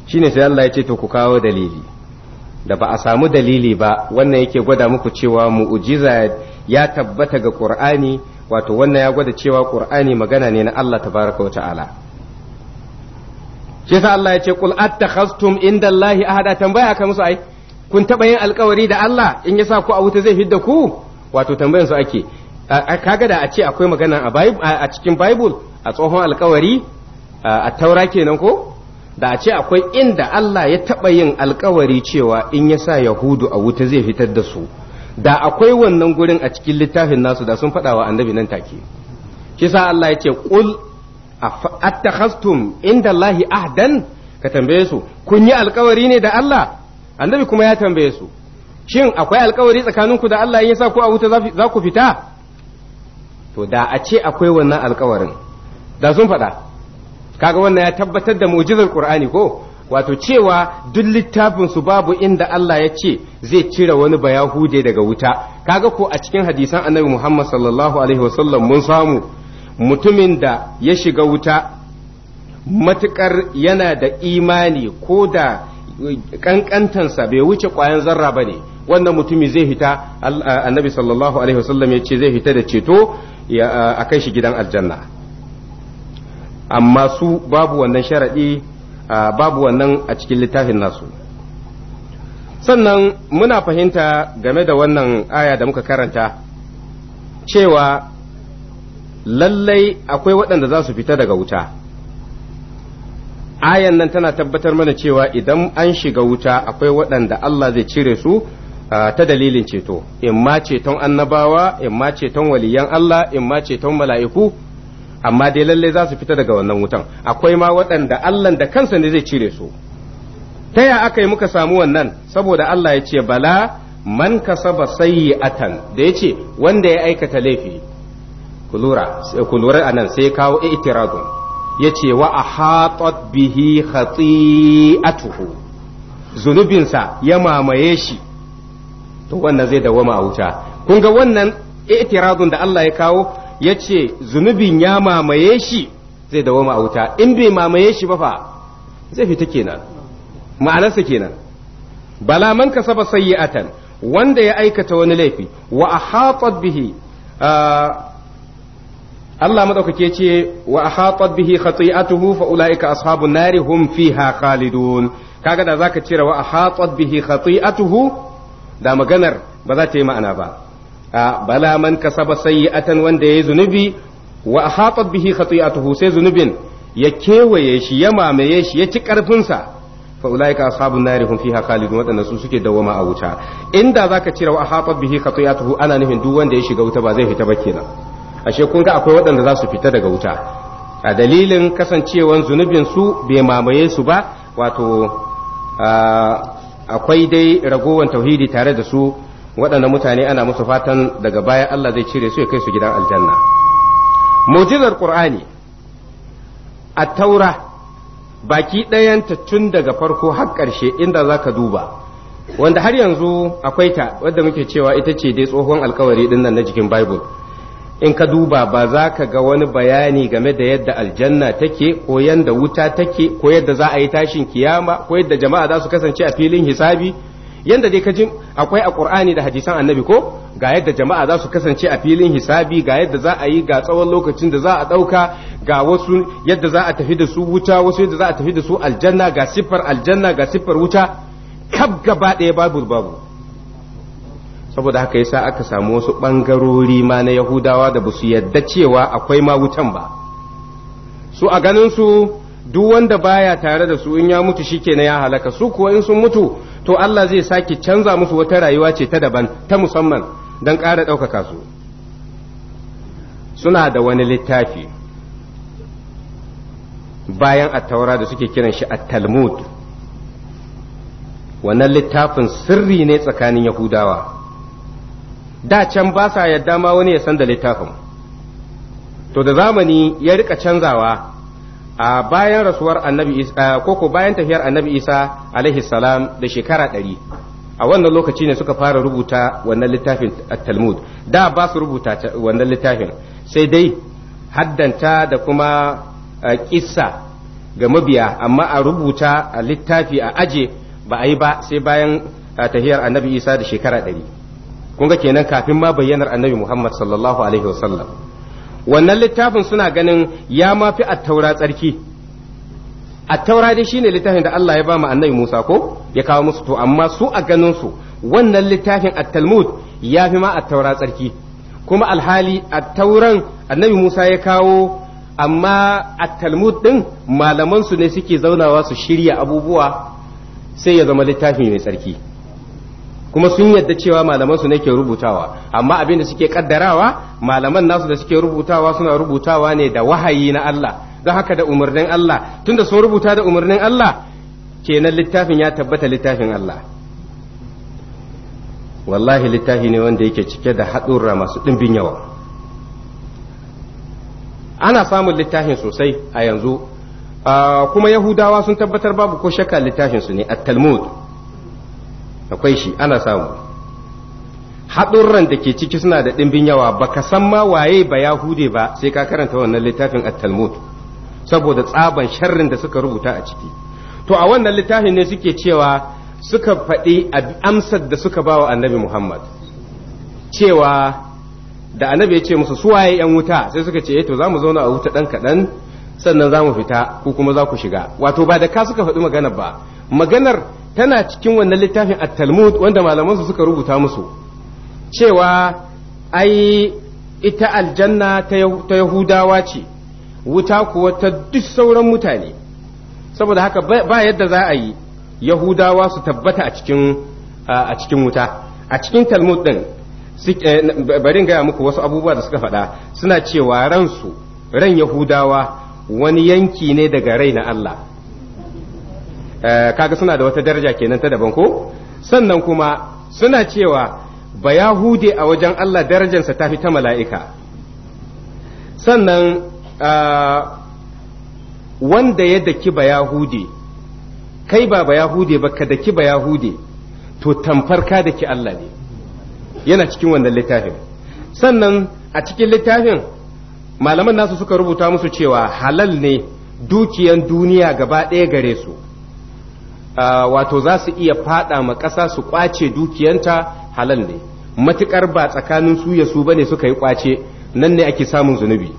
shine sai Allah ya ce to ku kawo dalili da ba a samu dalili ba wannan yake gwada muku cewa mu'ujiza ya tabbata ga qur'ani wato wannan ya gwada cewa qur'ani magana ne na Allah tabaraka wa ta'ala shi yasa Allah ya ce qul attakhastum indallahi ahada tambaya ka musu ai kun taba yin alkawari da Allah in yasa ku a wuta zai fidda ku wato tambayan su ake kaga da a ce akwai magana a cikin bible a tsohon alkawari a taura kenan ko da a ce akwai inda Allah ya taba yin alkawari cewa in yasa yahudu a wuta zai fitar da su da akwai wannan gurin a cikin littafin nasu da sun faɗa wa annabi nan take shi sa Allah ya ce qul attakhastum inda Allahi ahdan ka tambaye su kun yi alkawari ne da Allah annabi kuma ya tambaye su shin akwai alkawari tsakaninku da Allah yasa ku a wuta za ku fita to da a ce akwai wannan alkawarin da sun faɗa kaga wannan ya tabbatar da mu'jizar Qur'ani ko wato cewa duk littafin su babu inda Allah ya ce zai cire wani bayahude daga wuta kaga ko a cikin hadisan Annabi Muhammad sallallahu alaihi wasallam mun samu mutumin da ya shiga wuta matuƙar yana da imani ko da eh, ƙanƙantansa bai wuce kwayan zarra ba ne wannan mutumi zai fita eh, annabi sallallahu alaihi wasallam ya ce zai fita da ceto eh, a kai shi gidan aljanna amma su babu wannan sharaɗi babu wannan a cikin littafin nasu sannan muna fahimta game da wannan aya da muka karanta cewa lallai akwai waɗanda za su fita daga wuta ayan nan tana tabbatar mana cewa idan an shiga wuta akwai waɗanda Allah zai cire su ta dalilin ceto In ma ceton annabawa in ma ceton waliyan Allah in ma ceton mala'iku amma dai lallai za su fita daga wannan wutan akwai ma waɗanda Allah da kansa ne zai cire su ta ya aka yi muka samu wannan saboda Allah ya ce bala man kasaba atan da ya ce wanda ya aikata laifi Kulura sai kulura anan sai kawo itiradun ya ce wa ahatat bihi khati'atuhu zunubinsa ya mamaye shi to wannan zai dawama a wuta kun ga wannan itiradun da Allah ya kawo ya ce zunubin ya mamaye shi zai dawama a wuta in bai mamaye shi ba fa zai fita kenan ma'anarsa kenan bala man kasaba sayyi'atan wanda ya aikata wani laifi wa ahatat bihi ah, Allah madaukake ce wa ahatat bihi khati'atuhu fa ulaika ashabun nari fiha khalidun kaga da zaka cire wa ahatat bihi khati'atuhu da maganar ba za ta yi ma'ana ba bala man kasaba sayyi'atan wanda yayi zunubi wa ahatat bihi khati'atuhu sai zunubin ya kewaye shi ya mamaye shi ya ci karfin sa fa ulaika ashabun nari fiha khalidun wadannan su suke dawama a wuta inda zaka cire wa ahatat bihi khati'atuhu ana nufin duk wanda ya shiga wuta ba zai fita ba kenan ashe kun ga akwai waɗanda za su fita daga wuta a dalilin kasancewan zunubin su bai mamaye su ba wato akwai dai ragowar tauhidi tare da su waɗanda mutane ana musu fatan daga baya Allah zai cire su ya kai su gidan aljanna mu'jizar qur'ani a taura baki ɗayanta tun daga farko har ƙarshe inda za ka duba wanda har yanzu akwai ta wadda muke cewa ita ce dai tsohon alkawari ɗin na jikin bible in ka duba ba za ka ga wani bayani game da yadda aljanna take ko yadda wuta take ko yadda za a yi tashin kiyama ko yadda jama'a za su kasance a filin hisabi yadda dai ka ji akwai a qur'ani da hadisan annabi ko ga yadda jama'a za su kasance a filin hisabi ga yadda za a yi ga tsawon lokacin da za a ɗauka ga wasu yadda za a tafi da su wuta wasu yadda za a tafi da su aljanna ga siffar aljanna ga siffar wuta kab gaba ɗaya babu babu saboda haka yasa aka samu wasu ɓangarori ma na yahudawa da ba su yadda cewa akwai ma wutan ba su a ganinsu duk wanda baya tare da su in ya mutu shikenan ya halaka su kuwa in sun mutu to Allah zai sake canza musu wata rayuwa ce ta daban ta musamman don ƙara ɗaukaka su suna da wani littafi bayan attaura da suke kiran shi a talmud wannan littafin sirri ne tsakanin yahudawa da can ba sa yadda ma wani ya san da littafin to da zamani ya rika canzawa a bayan rasuwar annabi isa koko bayan tafiyar annabi isa alaihi salam da shekara ɗari a wannan lokaci ne suka fara rubuta wannan littafin talmud da ba su rubuta wannan littafin sai dai haddanta da kuma kissa ga mabiya amma a rubuta a littafi a aje ba a yi ba sai bayan tafiyar annabi isa da shekara ɗari Kunga kenan kafin ma bayyanar annabi Muhammad sallallahu alaihi wasallam wannan littafin suna ganin ya ma fi attaura tsarki attaura dai shine littafin da Allah ya ba mu annabi Musa ko ya kawo musu to amma su a ganin su wannan littafin at-Talmud ya fi ma attaura tsarki kuma alhali attauran annabi Musa ya kawo amma at-Talmud din malaman su ne suke zaunawa su shirya abubuwa sai ya zama littafi mai tsarki kuma sun yadda cewa malaman su ne ke rubutawa amma abin da suke kaddarawa malaman nasu da suke rubutawa suna rubutawa ne da wahayi na Allah don haka da umarnin Allah tunda sun rubuta da umarnin Allah kenan littafin ya tabbata littafin Allah wallahi littafi ne wanda yake cike da haɗurra masu ɗimbin yawa ana samun littafin sosai a yanzu ah, kuma yahudawa sun tabbatar babu ko shakka littafin su ne at-talmud akwai shi ana samu haɗurran da ke ciki suna da ɗimbin yawa ba ka san ma waye ba ya hude ba sai ka karanta wannan littafin a talmud saboda tsaban sharrin da suka rubuta a ciki to a wannan littafin ne suke cewa suka faɗi amsar da suka ba wa annabi muhammad cewa da annabi ya ce musu suwaye yan wuta sai suka ce eh, to za mu zauna a wuta ɗan kaɗan sannan za mu fita ko kuma za ku shiga wato ba da ka suka faɗi maganar ba maganar tana cikin wannan littafin a talmud wanda malamansu suka rubuta musu cewa ai ita aljanna ta yahudawa ce wuta kuwa ta duk sauran mutane saboda haka ba yadda za a yi yahudawa su tabbata a cikin a cikin wuta a cikin talmud din eh, barin gaya muku wasu abubuwa da suka faɗa suna cewa ransu ran yahudawa wani yanki ne daga rai na Allah Eh, kaga suna da wata daraja kenan ta daban ko sannan kuma suna cewa ba yahude a wajen Allah darajarsa ta fi ta mala'ika sannan eh, wanda ya daki ba yahude kai ba ba yahude ba ka daki ba yahude to tamfar ka daki Allah ne yana cikin wannan littafin sannan a cikin littafin malaman nasu suka rubuta musu cewa halal ne dukiyan duniya gaba ɗaya gare su wato za su iya faɗa ma ƙasa su kwace dukiyanta halal ne matukar ba tsakanin su ya su bane suka yi kwace nan ne ake samun zunubi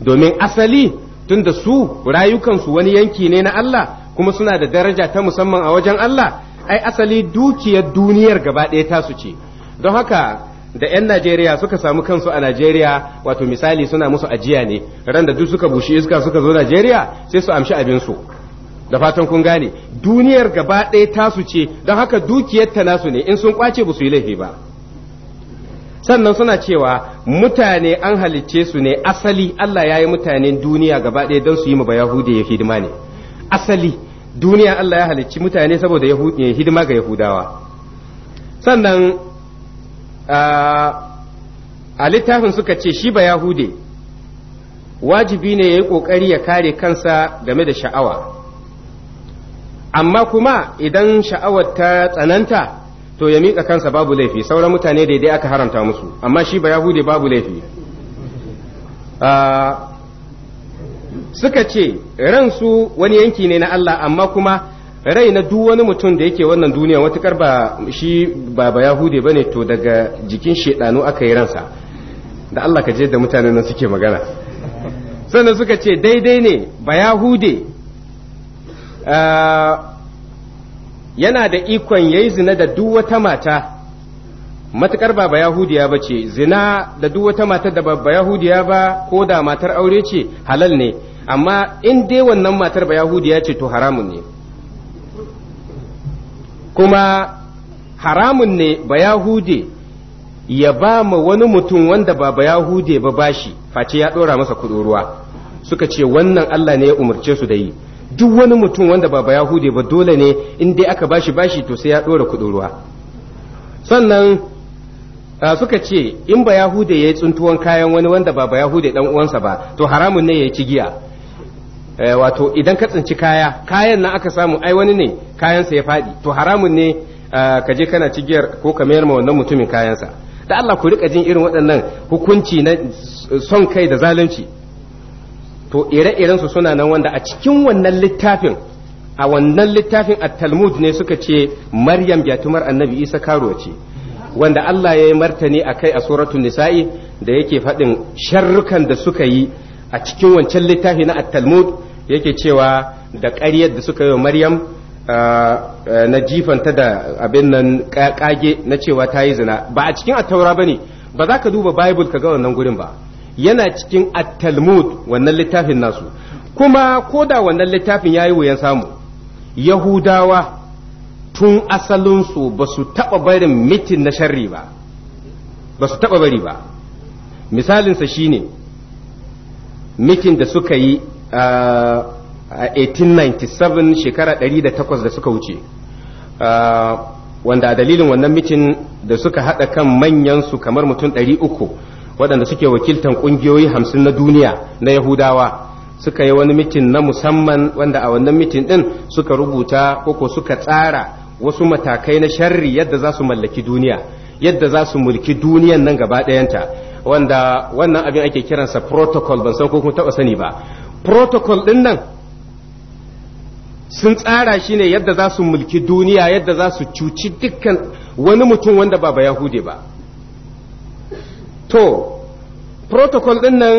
domin asali tunda su rayukansu wani yanki ne na Allah kuma suna da daraja ta musamman a wajen Allah ai asali dukiyar duniyar gaba ɗaya tasu ce don haka da 'yan Najeriya suka samu kansu a Najeriya wato misali suna musu ajiya ne ran da duk suka bushi iska suka zo Najeriya sai su amshi abin su da fatan kun gane duniyar gaba ɗaya tasu ce don haka dukiyarta ta nasu ne in sun kwace ba su yi laifi ba sannan suna cewa mutane an halicce su ne asali Allah ya yi mutanen duniya gaba ɗaya don su yi bayan Yahudi ya hidima ne asali duniya Allah ya halicci mutane saboda ya hidima ga Yahudawa sannan a littafin suka ce shi ba Yahude wajibi ne ya yi ƙoƙari ya kare kansa game da sha'awa amma kuma idan sha'awar ta tsananta to ya miƙa kansa babu laifi sauran mutane daidai aka haramta musu amma shi ba yahudi babu laifi ah, suka ce ransu wani yanki ne na Allah amma kuma rai na duk wani mutum da yake wannan duniya watakar ba shi ba ba yahudi ba ne to daga jikin shedanu aka yi ransa da Allah ka je da mutanen nan suke magana sannan suka ce daidai ne ba yahudi Ah, yana da ikon yayi zina da duk wata mata matukar ba yahudiya ba ce zina da duk wata mata da ba yahudiya ba ko da matar aure ce halal ne amma in dai wannan matar ba yahudiya ce to haramun ne kuma haramun ne ba ya ba ma wani mutum wanda ba ba ba bashi face ya ɗora masa kuɗin ruwa suka ce wannan Allah ne ya umarce su da yi duk wani mutum wanda ba ba yahude ba dole ne in dai aka bashi bashi to sai ya ɗora kuɗin ruwa sannan suka ce in ba yahude ya yi tsuntuwan kayan wani wanda ba ba yahude dan uwansa ba to haramun ne ya ci giya wato idan ka tsinci kaya kayan nan aka samu ai wani ne kayansa ya faɗi to haramun ne ka je kana cigiyar ko ka mayar ma wannan mutumin kayansa da Allah ku rika jin irin waɗannan hukunci na son kai da zalunci to ire-iren su suna nan wanda a cikin wannan littafin a wannan littafin a talmud ne suka ce maryam gyatumar annabi isa karuwa ce wanda Allah ya yi martani a kai a suratun nisa'i da yake faɗin sharrukan da suka yi a cikin wancan littafi na at-talmud yake cewa da ƙaryar da suka yi wa maryam na jifanta da abin nan kage na cewa ta yi zina ba a cikin attaura ba ne ba za ka duba bible ka ga wannan gurin ba yana cikin at-talmud wannan littafin nasu kuma koda wannan littafin yayi wuyan samu yahudawa tun asalinsu ba su taɓa barin mitin na sharri ba ba su taɓa bari ba misalinsa shine mitin da suka yi ah, a 1897 shekara 108 da suka wuce ah, wanda a dalilin wannan mitin da suka haɗa kan manyansu kamar mutum 300 waɗanda suke wakiltan ƙungiyoyi hamsin na duniya na yahudawa suka yi wani mitin na musamman wanda a wannan mitin ɗin suka rubuta koko suka tsara wasu matakai na sharri yadda za su mallaki duniya yadda za su mulki duniyan nan gaba ɗayanta wanda wannan abin ake kiransa protocol ban san ko kun taɓa sani ba protocol ɗin nan sun tsara shi ne yadda za su mulki duniya yadda za su cuci dukkan wani mutum wanda ba ba yahude ba to protocol ɗin nan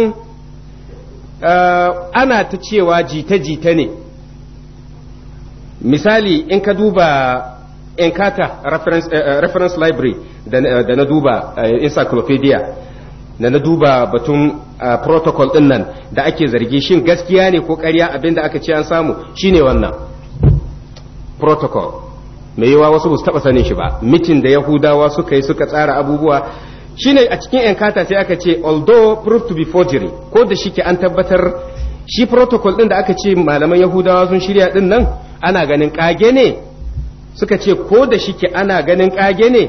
eh, ana ta cewa jita-jita ne misali in ka duba encata reference, uh, reference library da na duba uh, encyclopedia da na duba batun uh, protocol din nan da ake zargi shin gaskiya ne ko ƙarya abinda aka ce an samu shine wannan protocol mai yawa wasu ba su taɓa sanin shi ba mitin da yahudawa suka yi suka tsara abubuwa shine a cikin enkata sai aka ce although proved to be forgery ko da shike an tabbatar shi protocol din da aka ce malaman yahudawa sun shirya din nan ana ganin kage ne suka ce ko da shike ana ganin kage ne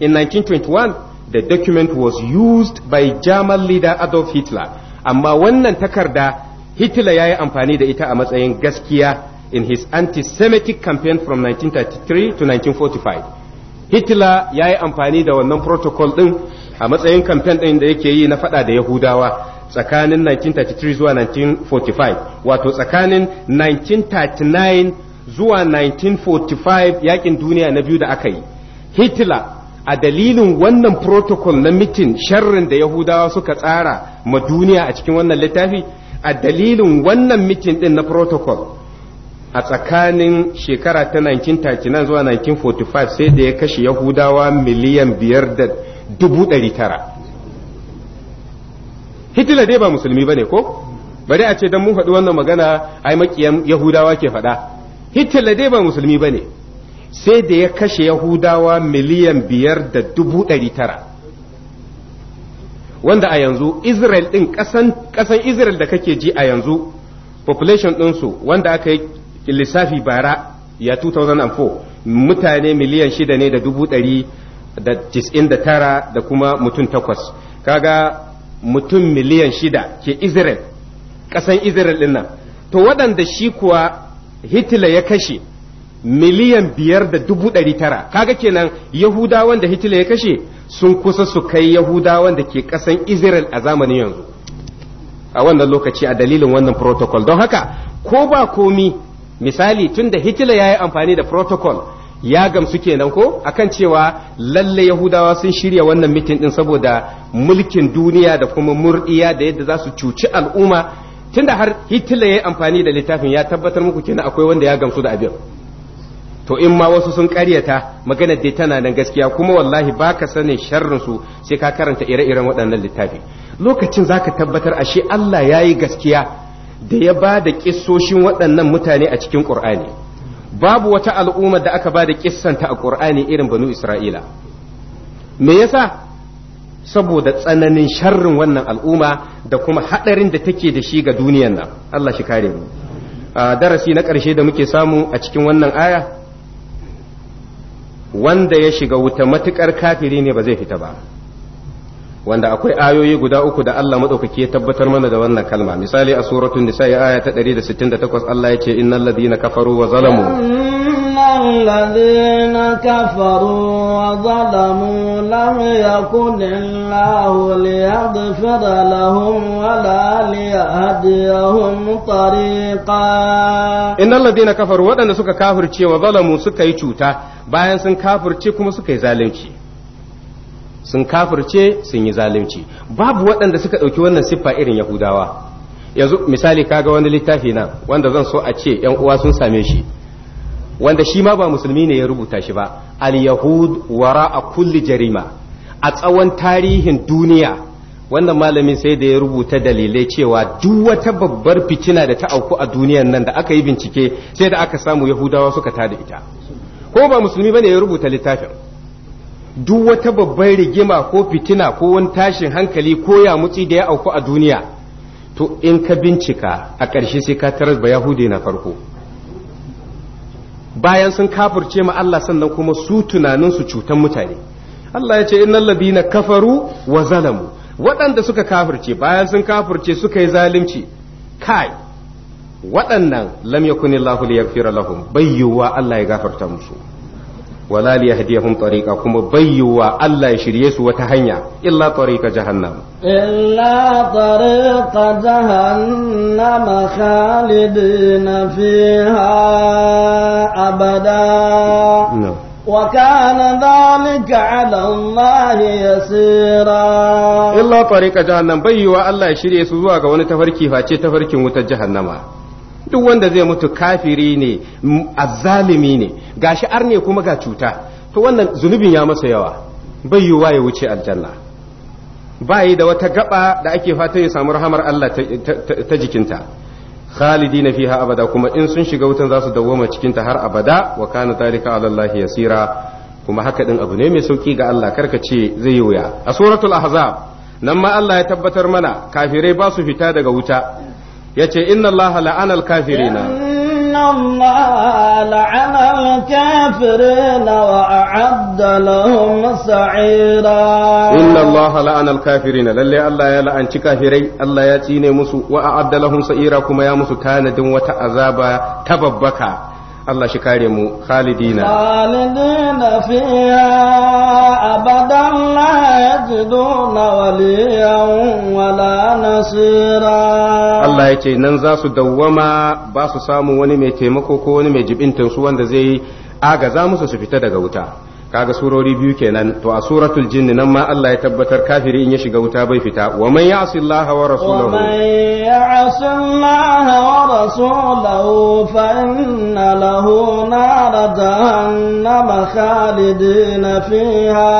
in 1921 the document was used by german leader adolf hitler amma wannan takarda hitler ya yi amfani da ita a matsayin gaskiya in his anti-semitic campaign from 1933 to 1945 hitler ya yi amfani da wannan protocol ɗin a matsayin kamfen ɗin da yake yi na faɗa da yahudawa tsakanin 1933 zuwa 1945 wato tsakanin 1939 zuwa 1945 yakin duniya na biyu da aka yi hitler a dalilin wannan protocol na mitin sharrin da yahudawa suka tsara ma duniya a cikin wannan littafi a dalilin wannan mitin ɗin na protocol a tsakanin shekara ta 1939 zuwa 1945 sai da ya kashe yahudawa miliyan biyar da dubu ɗari tara hitler dai ba musulmi ba ne ko bari a ce don mun faɗi wannan magana ai makiyan yahudawa ke faɗa hitler dai ba musulmi ba ne sai da ya kashe yahudawa miliyan biyar da dubu ɗari tara wanda a yanzu israel ɗin ƙasan israel da kake ji a yanzu population ɗinsu wanda aka yi lissafi bara ya 2004 mutane miliyan shida ne da dubu ɗari da tis'in da tara da kuma mutum takwas kaga mutum miliyan shida ke Israel ƙasan Israel ɗin nan to waɗanda shi kuwa Hitler ya kashe miliyan biyar da dubu ɗari tara kaga kenan Yahudawan da Hitler ya kashe sun kusa su kai Yahudawan da ke ƙasan Israel a zamanin yanzu a wannan lokaci a dalilin wannan protocol don haka ko ba komi misali tunda hitler ya yi amfani da protocol ya gamsu kenan ko akan cewa lalle yahudawa sun shirya wannan mitin din saboda mulkin duniya da kuma murdiya da yadda za su cuci al'umma tunda har hitler ya yi amfani da littafin ya tabbatar muku kenan akwai wanda ya gamsu da abin to in ma wasu sun karyata maganar dai tana nan gaskiya kuma wallahi baka sanin sharrin su sai ka karanta ire-iren waɗannan littafi lokacin zaka tabbatar ashe Allah yayi gaskiya da ya ba da kissoshin waɗannan mutane a cikin ƙur'ani babu wata al'ummar da aka ba da kissanta a ƙur'ani irin banu isra'ila me yasa saboda tsananin sharrin wannan al'umma da kuma haɗarin da take da shi ga duniyan nan Allah shi kare mu a darasi na ƙarshe da muke samu a cikin wannan aya wanda ya shiga wuta matuƙar kafiri ne ba zai fita ba wanda akwai ayoyi guda uku da Allah madaukaki ya tabbatar mana da wannan kalma misali a suratul nisa ya aya ta 168 Allah yace innal ladina kafaru wa zalamu innal ladina kafaru wa zalamu lam yakun lahu liyaghfir lahum wa la liyahdiyahum tariqa innal ladina kafaru wadanda suka kafirce wa zalamu suka yi cuta bayan sun kafirce kuma suka yi zalunci sun kafirce sun yi zalunci babu waɗanda suka ɗauki wannan siffa irin yahudawa yanzu misali kaga wani littafi na wanda zan so a ce yan uwa sun same shi wanda shi ma ba musulmi ne ya rubuta shi ba al yahud wara a kulli jarima a tsawon tarihin duniya wannan malamin sai da ya rubuta dalilai cewa duk wata babbar fitina da ta auku a duniyar nan da aka yi bincike sai da aka samu yahudawa suka tada ita ko ba musulmi bane ya rubuta littafin duk wata babbar rigima ko fitina ko wani tashin hankali ko ya mutsi da ya auku a duniya to in ka bincika a ƙarshe sai ka taras ba yahudi na farko bayan sun kafurce ma Allah sannan kuma su tunanin su cutan mutane Allah ya ce innal ladina kafaru wa zalamu waɗanda suka kafurce bayan sun kafurce suka yi zalunci kai waɗannan lam yakunillahu liyaghfira lahum bayyuwa Allah ya gafarta musu wala li yahdihum tariqa kuma bayyuwa Allah ya shirye su wata hanya illa tariqa jahannam illa tariqa jahannam khalidina fiha abada wa وكان ذلك على الله يسيرا إلا طريق جهنم بيوا shirye su zuwa ga wani tafarki face tafarkin wutar jahannama duk wanda zai mutu kafiri ne azzalimi ne Ga shi arne kuma ga cuta to wannan zunubin ya masa yawa bai yiwuwa ya wuce aljanna bayi da wata gaba da ake fata ya samu rahamar Allah ta jikinta khalidina fiha abada kuma in sun shiga wutan za su dawoma cikinta har abada wa kana zalika ala Allah yasira kuma haka din abu ne mai sauki ga Allah karka ce zai yi wuya a suratul ahzab nan ma Allah ya tabbatar mana kafirai ba su fita daga wuta ya ce inna Allah la'ana al-kafirina inna Allah la'ana al-kafirina wa a'adda lahum sa'ira inna Allah la'ana al-kafirina lalle Allah ya la'anci kafirai Allah ya cine musu wa a'adda lahum sa'ira kuma ya musu tanadin wata azaba ta babbaka Allah shi kare mu khalidina khalidina fiha abadan la yajiduna waliyan wala nasira Allah yace nan za su dawwama ba su samu wani mai taimako ko wani mai jibintan wanda zai aga za musu su fita daga wuta kaga surori biyu kenan to a suratul jinni nan ma Allah ya tabbatar kafiri in ya shiga wuta bai fita wa man ya'si Allah wa rasulahu wa man ya'si Allah wa rasulahu fa inna lahu nar jahannam khalidin fiha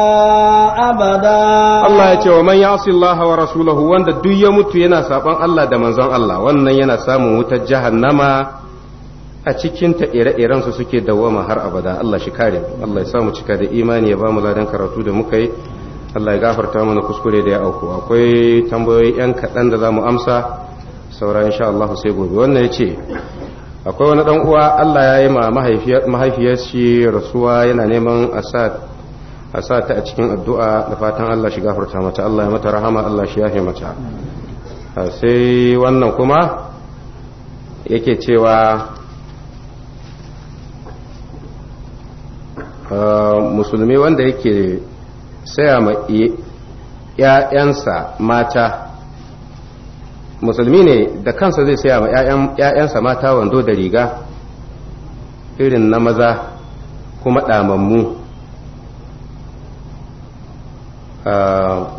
abada Allah ya ce wa man ya'si Allah wa rasulahu wanda duk ya mutu yana saban Allah da manzon Allah wannan yana samun wutar jahannama a cikinta ire-iren su suke dawwama har abada Allah shi kare Allah ya sa mu cika da imani ya ba mu ladan karatu da muka yi Allah ya gafarta mana kuskure da ya auku akwai tambayoyi yan kaɗan da za mu amsa saura insha Allah sai gobe wannan ya ce akwai wani dan uwa Allah ya yi ma mahaifiyar shi rasuwa yana neman a sa ta a cikin addu'a da fatan Allah shi gafarta mata Allah ya mata rahama Allah shi yafe mata sai wannan kuma yake cewa Ah, musulmi wanda yake saya ma ‘ya'yansa mata musulmi ne da kansa zai saya ma ‘ya'yansa mata wando da riga irin na maza kuma ɗamammu ah,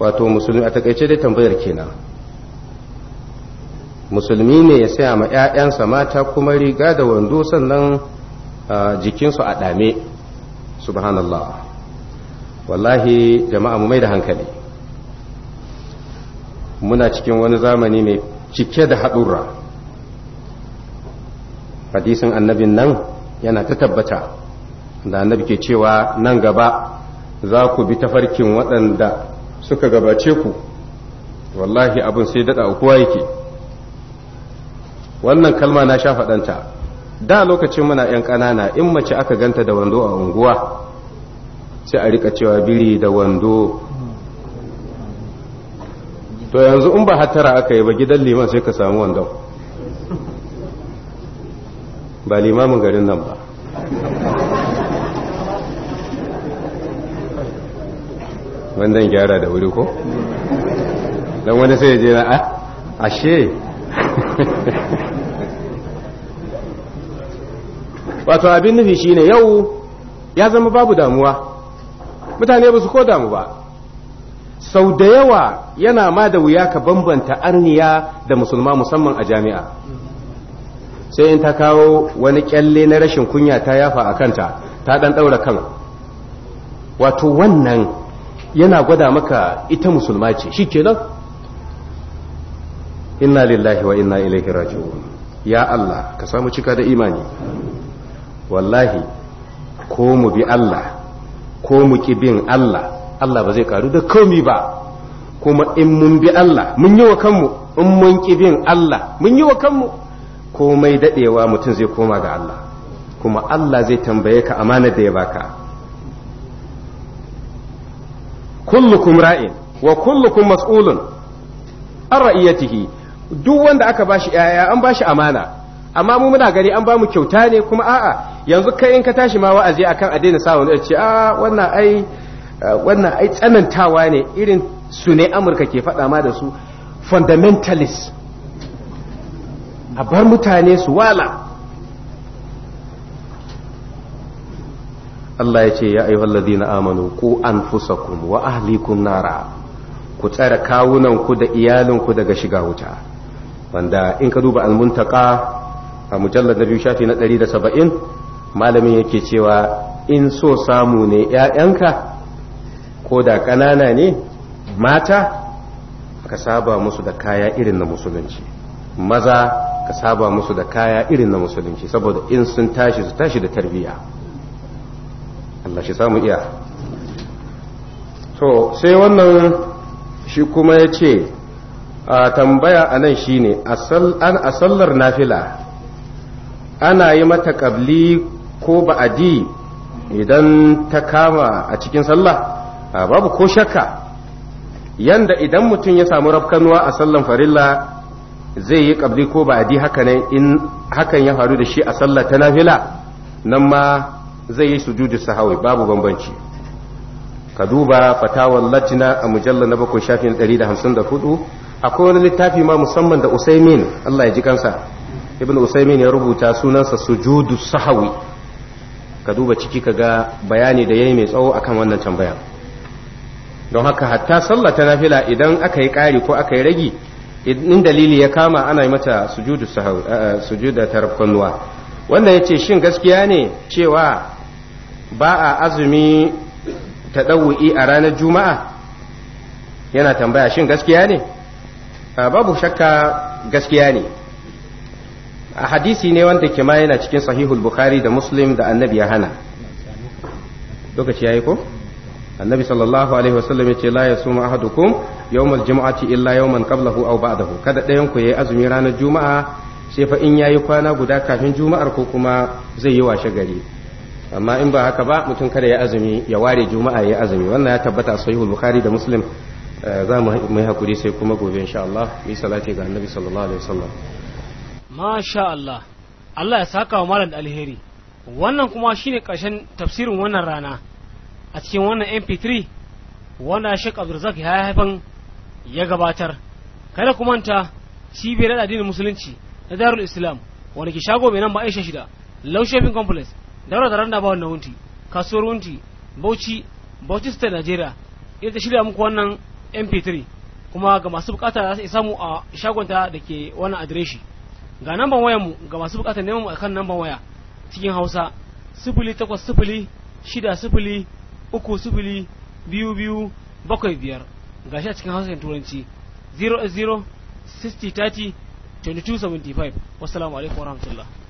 wato musulmi a takaice dai tambayar kenan musulmi ne ya saya ma ‘ya'yansa mata kuma riga da wando sannan jikinsu a ɗame subhanallah wallahi jama'a mu mai da hankali muna cikin wani zamani mai cike da haɗura. hadisin annabi nan yana ta tabbata da annabi ke cewa nan gaba za ku bi tafarkin waɗanda suka gabace ku wallahi abun sai daɗa ukuwa yake wannan kalma na sha faɗanta da lokacin muna 'yan ƙanana in mace aka ganta da wando a unguwa sai a rika cewa biri da wando to yanzu in ba hattara aka yi ba gidan liman sai ka samu wando. ba limamin garin nan ba wannan gyara da wuri ko don wani sai ya je na ah, ashe wato abin nufi shi ne yau ya zama babu damuwa mutane ba su ko damu ba sau da yawa yana ma da wuya ka bambanta arniya da musulma musamman a jami'a sai in ta kawo wani kyalle na rashin kunya ta yafa a kanta ta dan daura kan wato wannan yana gwada maka ita musulma ce shi kenan. inna lillahi wa inna ilaihi raji'un ya Allah ka samu cika da imani wallahi ko mu bi Allah ko mu ki bin Allah Allah ba zai karu da komi ba kuma in mun bi Allah mun yi wa kanmu in mun ki bin Allah mun yi wa kanmu komai dadewa mutum zai koma ga Allah kuma Allah zai tambaye ka amana da ya baka kullukum ra'in wa kullukum mas'ulun an ra'iyatihi duk wanda aka bashi yaya an bashi amana amma mu muna gani an bamu kyauta ne kuma a'a yanzu kai in ka tashi ma wa'azi akan a daina sa wani ce a wannan ai wannan ai tsanantawa ne irin su ne Amurka ke faɗa ma da su fundamentalist a bar mutane su wala Allah ya ce ya ayyuhal ladina amanu ku anfusakum wa ahlikum nara ku tsare kawunanku da iyalinku daga shiga wuta wanda in ka duba almuntaka a mujallar na biyu shafi na ɗari da saba'in malamin yake cewa in so samu ne ‘ya'yanka ko da ƙanana ne mata ka saba musu da kaya irin na musulunci maza ka saba musu da kaya irin na musulunci saboda in sun tashi su tashi da tarbiyya Allah shi samu iya to sai wannan shi kuma ya ce a tambaya a nan shi ne a sallar nafila ana yi mata ƙabli ko ba'adi idan ta kama a cikin sallah babu ko shakka yanda idan mutum ya samu rafkanuwa a sallan farilla zai yi ƙabli ko ba'adi hakanan in hakan ya faru da shi a sallah ta nafila nan ma zai yi sujudu sahawi babu bambanci ka duba fatawar latina a mujallar na bakwai shafin 154 akwai wani littafi ma musamman da usaimin allah ya ji kansa ibn usaimin ya rubuta sunansa sujudu sahawi ka duba ciki ka ga bayani da yayi mai tsawo akan wannan tambaya don haka hatta sallah ta nafila idan aka yi ƙari ko aka yi ragi in dalili ya kama ana yi mata sujudu sahawi eh, eh, sujuda tarafkanuwa wannan yace shin gaskiya ne cewa ba a azumi ta dawu'i a ranar juma'a yana tambaya shin gaskiya ne ah, babu shakka gaskiya ne a hadisi ne wanda ke ma yana cikin sahihul bukhari da muslim da annabi ya hana lokaci yayi ko annabi sallallahu alaihi wasallam ya ce la yasumu ahadukum yawmal jumu'ati illa yawman qablahu aw ba'dahu kada ɗayan ku yayi azumi ranar juma'a sai fa in yayi kwana guda kafin juma'ar ko kuma zai yi washe gari amma in ba haka ba mutum kada ya azumi ya ware juma'a ya azumi wannan ya tabbata a sahihul bukhari da muslim eh, za mu yi hakuri sai kuma gobe insha Allah yi salati ga annabi sallallahu alaihi wasallam masha Allah Allah ya saka wa malam da alheri wannan kuma shine ƙarshen tafsirin wannan rana a cikin wannan mp3 wanda Sheikh Abdulrazak ya haifan ya gabatar kada ku manta cibiyar addinin musulunci na Darul Islam wanda ke shago mai nan ba Aisha shida Low Shopping Complex daura da randa ba wannan wunti kasuwar wunti Bauchi Bauchi State Nigeria ita shirya muku wannan mp3 kuma ga masu bukata za su samu a shagonta da ke wannan adireshi ga namban wayan mu ga masu bukatar neman a akan namban waya cikin Hausa sifili sifili takwas shida sifili uku sifili biyu biyu bakwai biyar shi a cikin hausa turanci 0 0 60 30 22 75 wasu alaikum warahmatullahi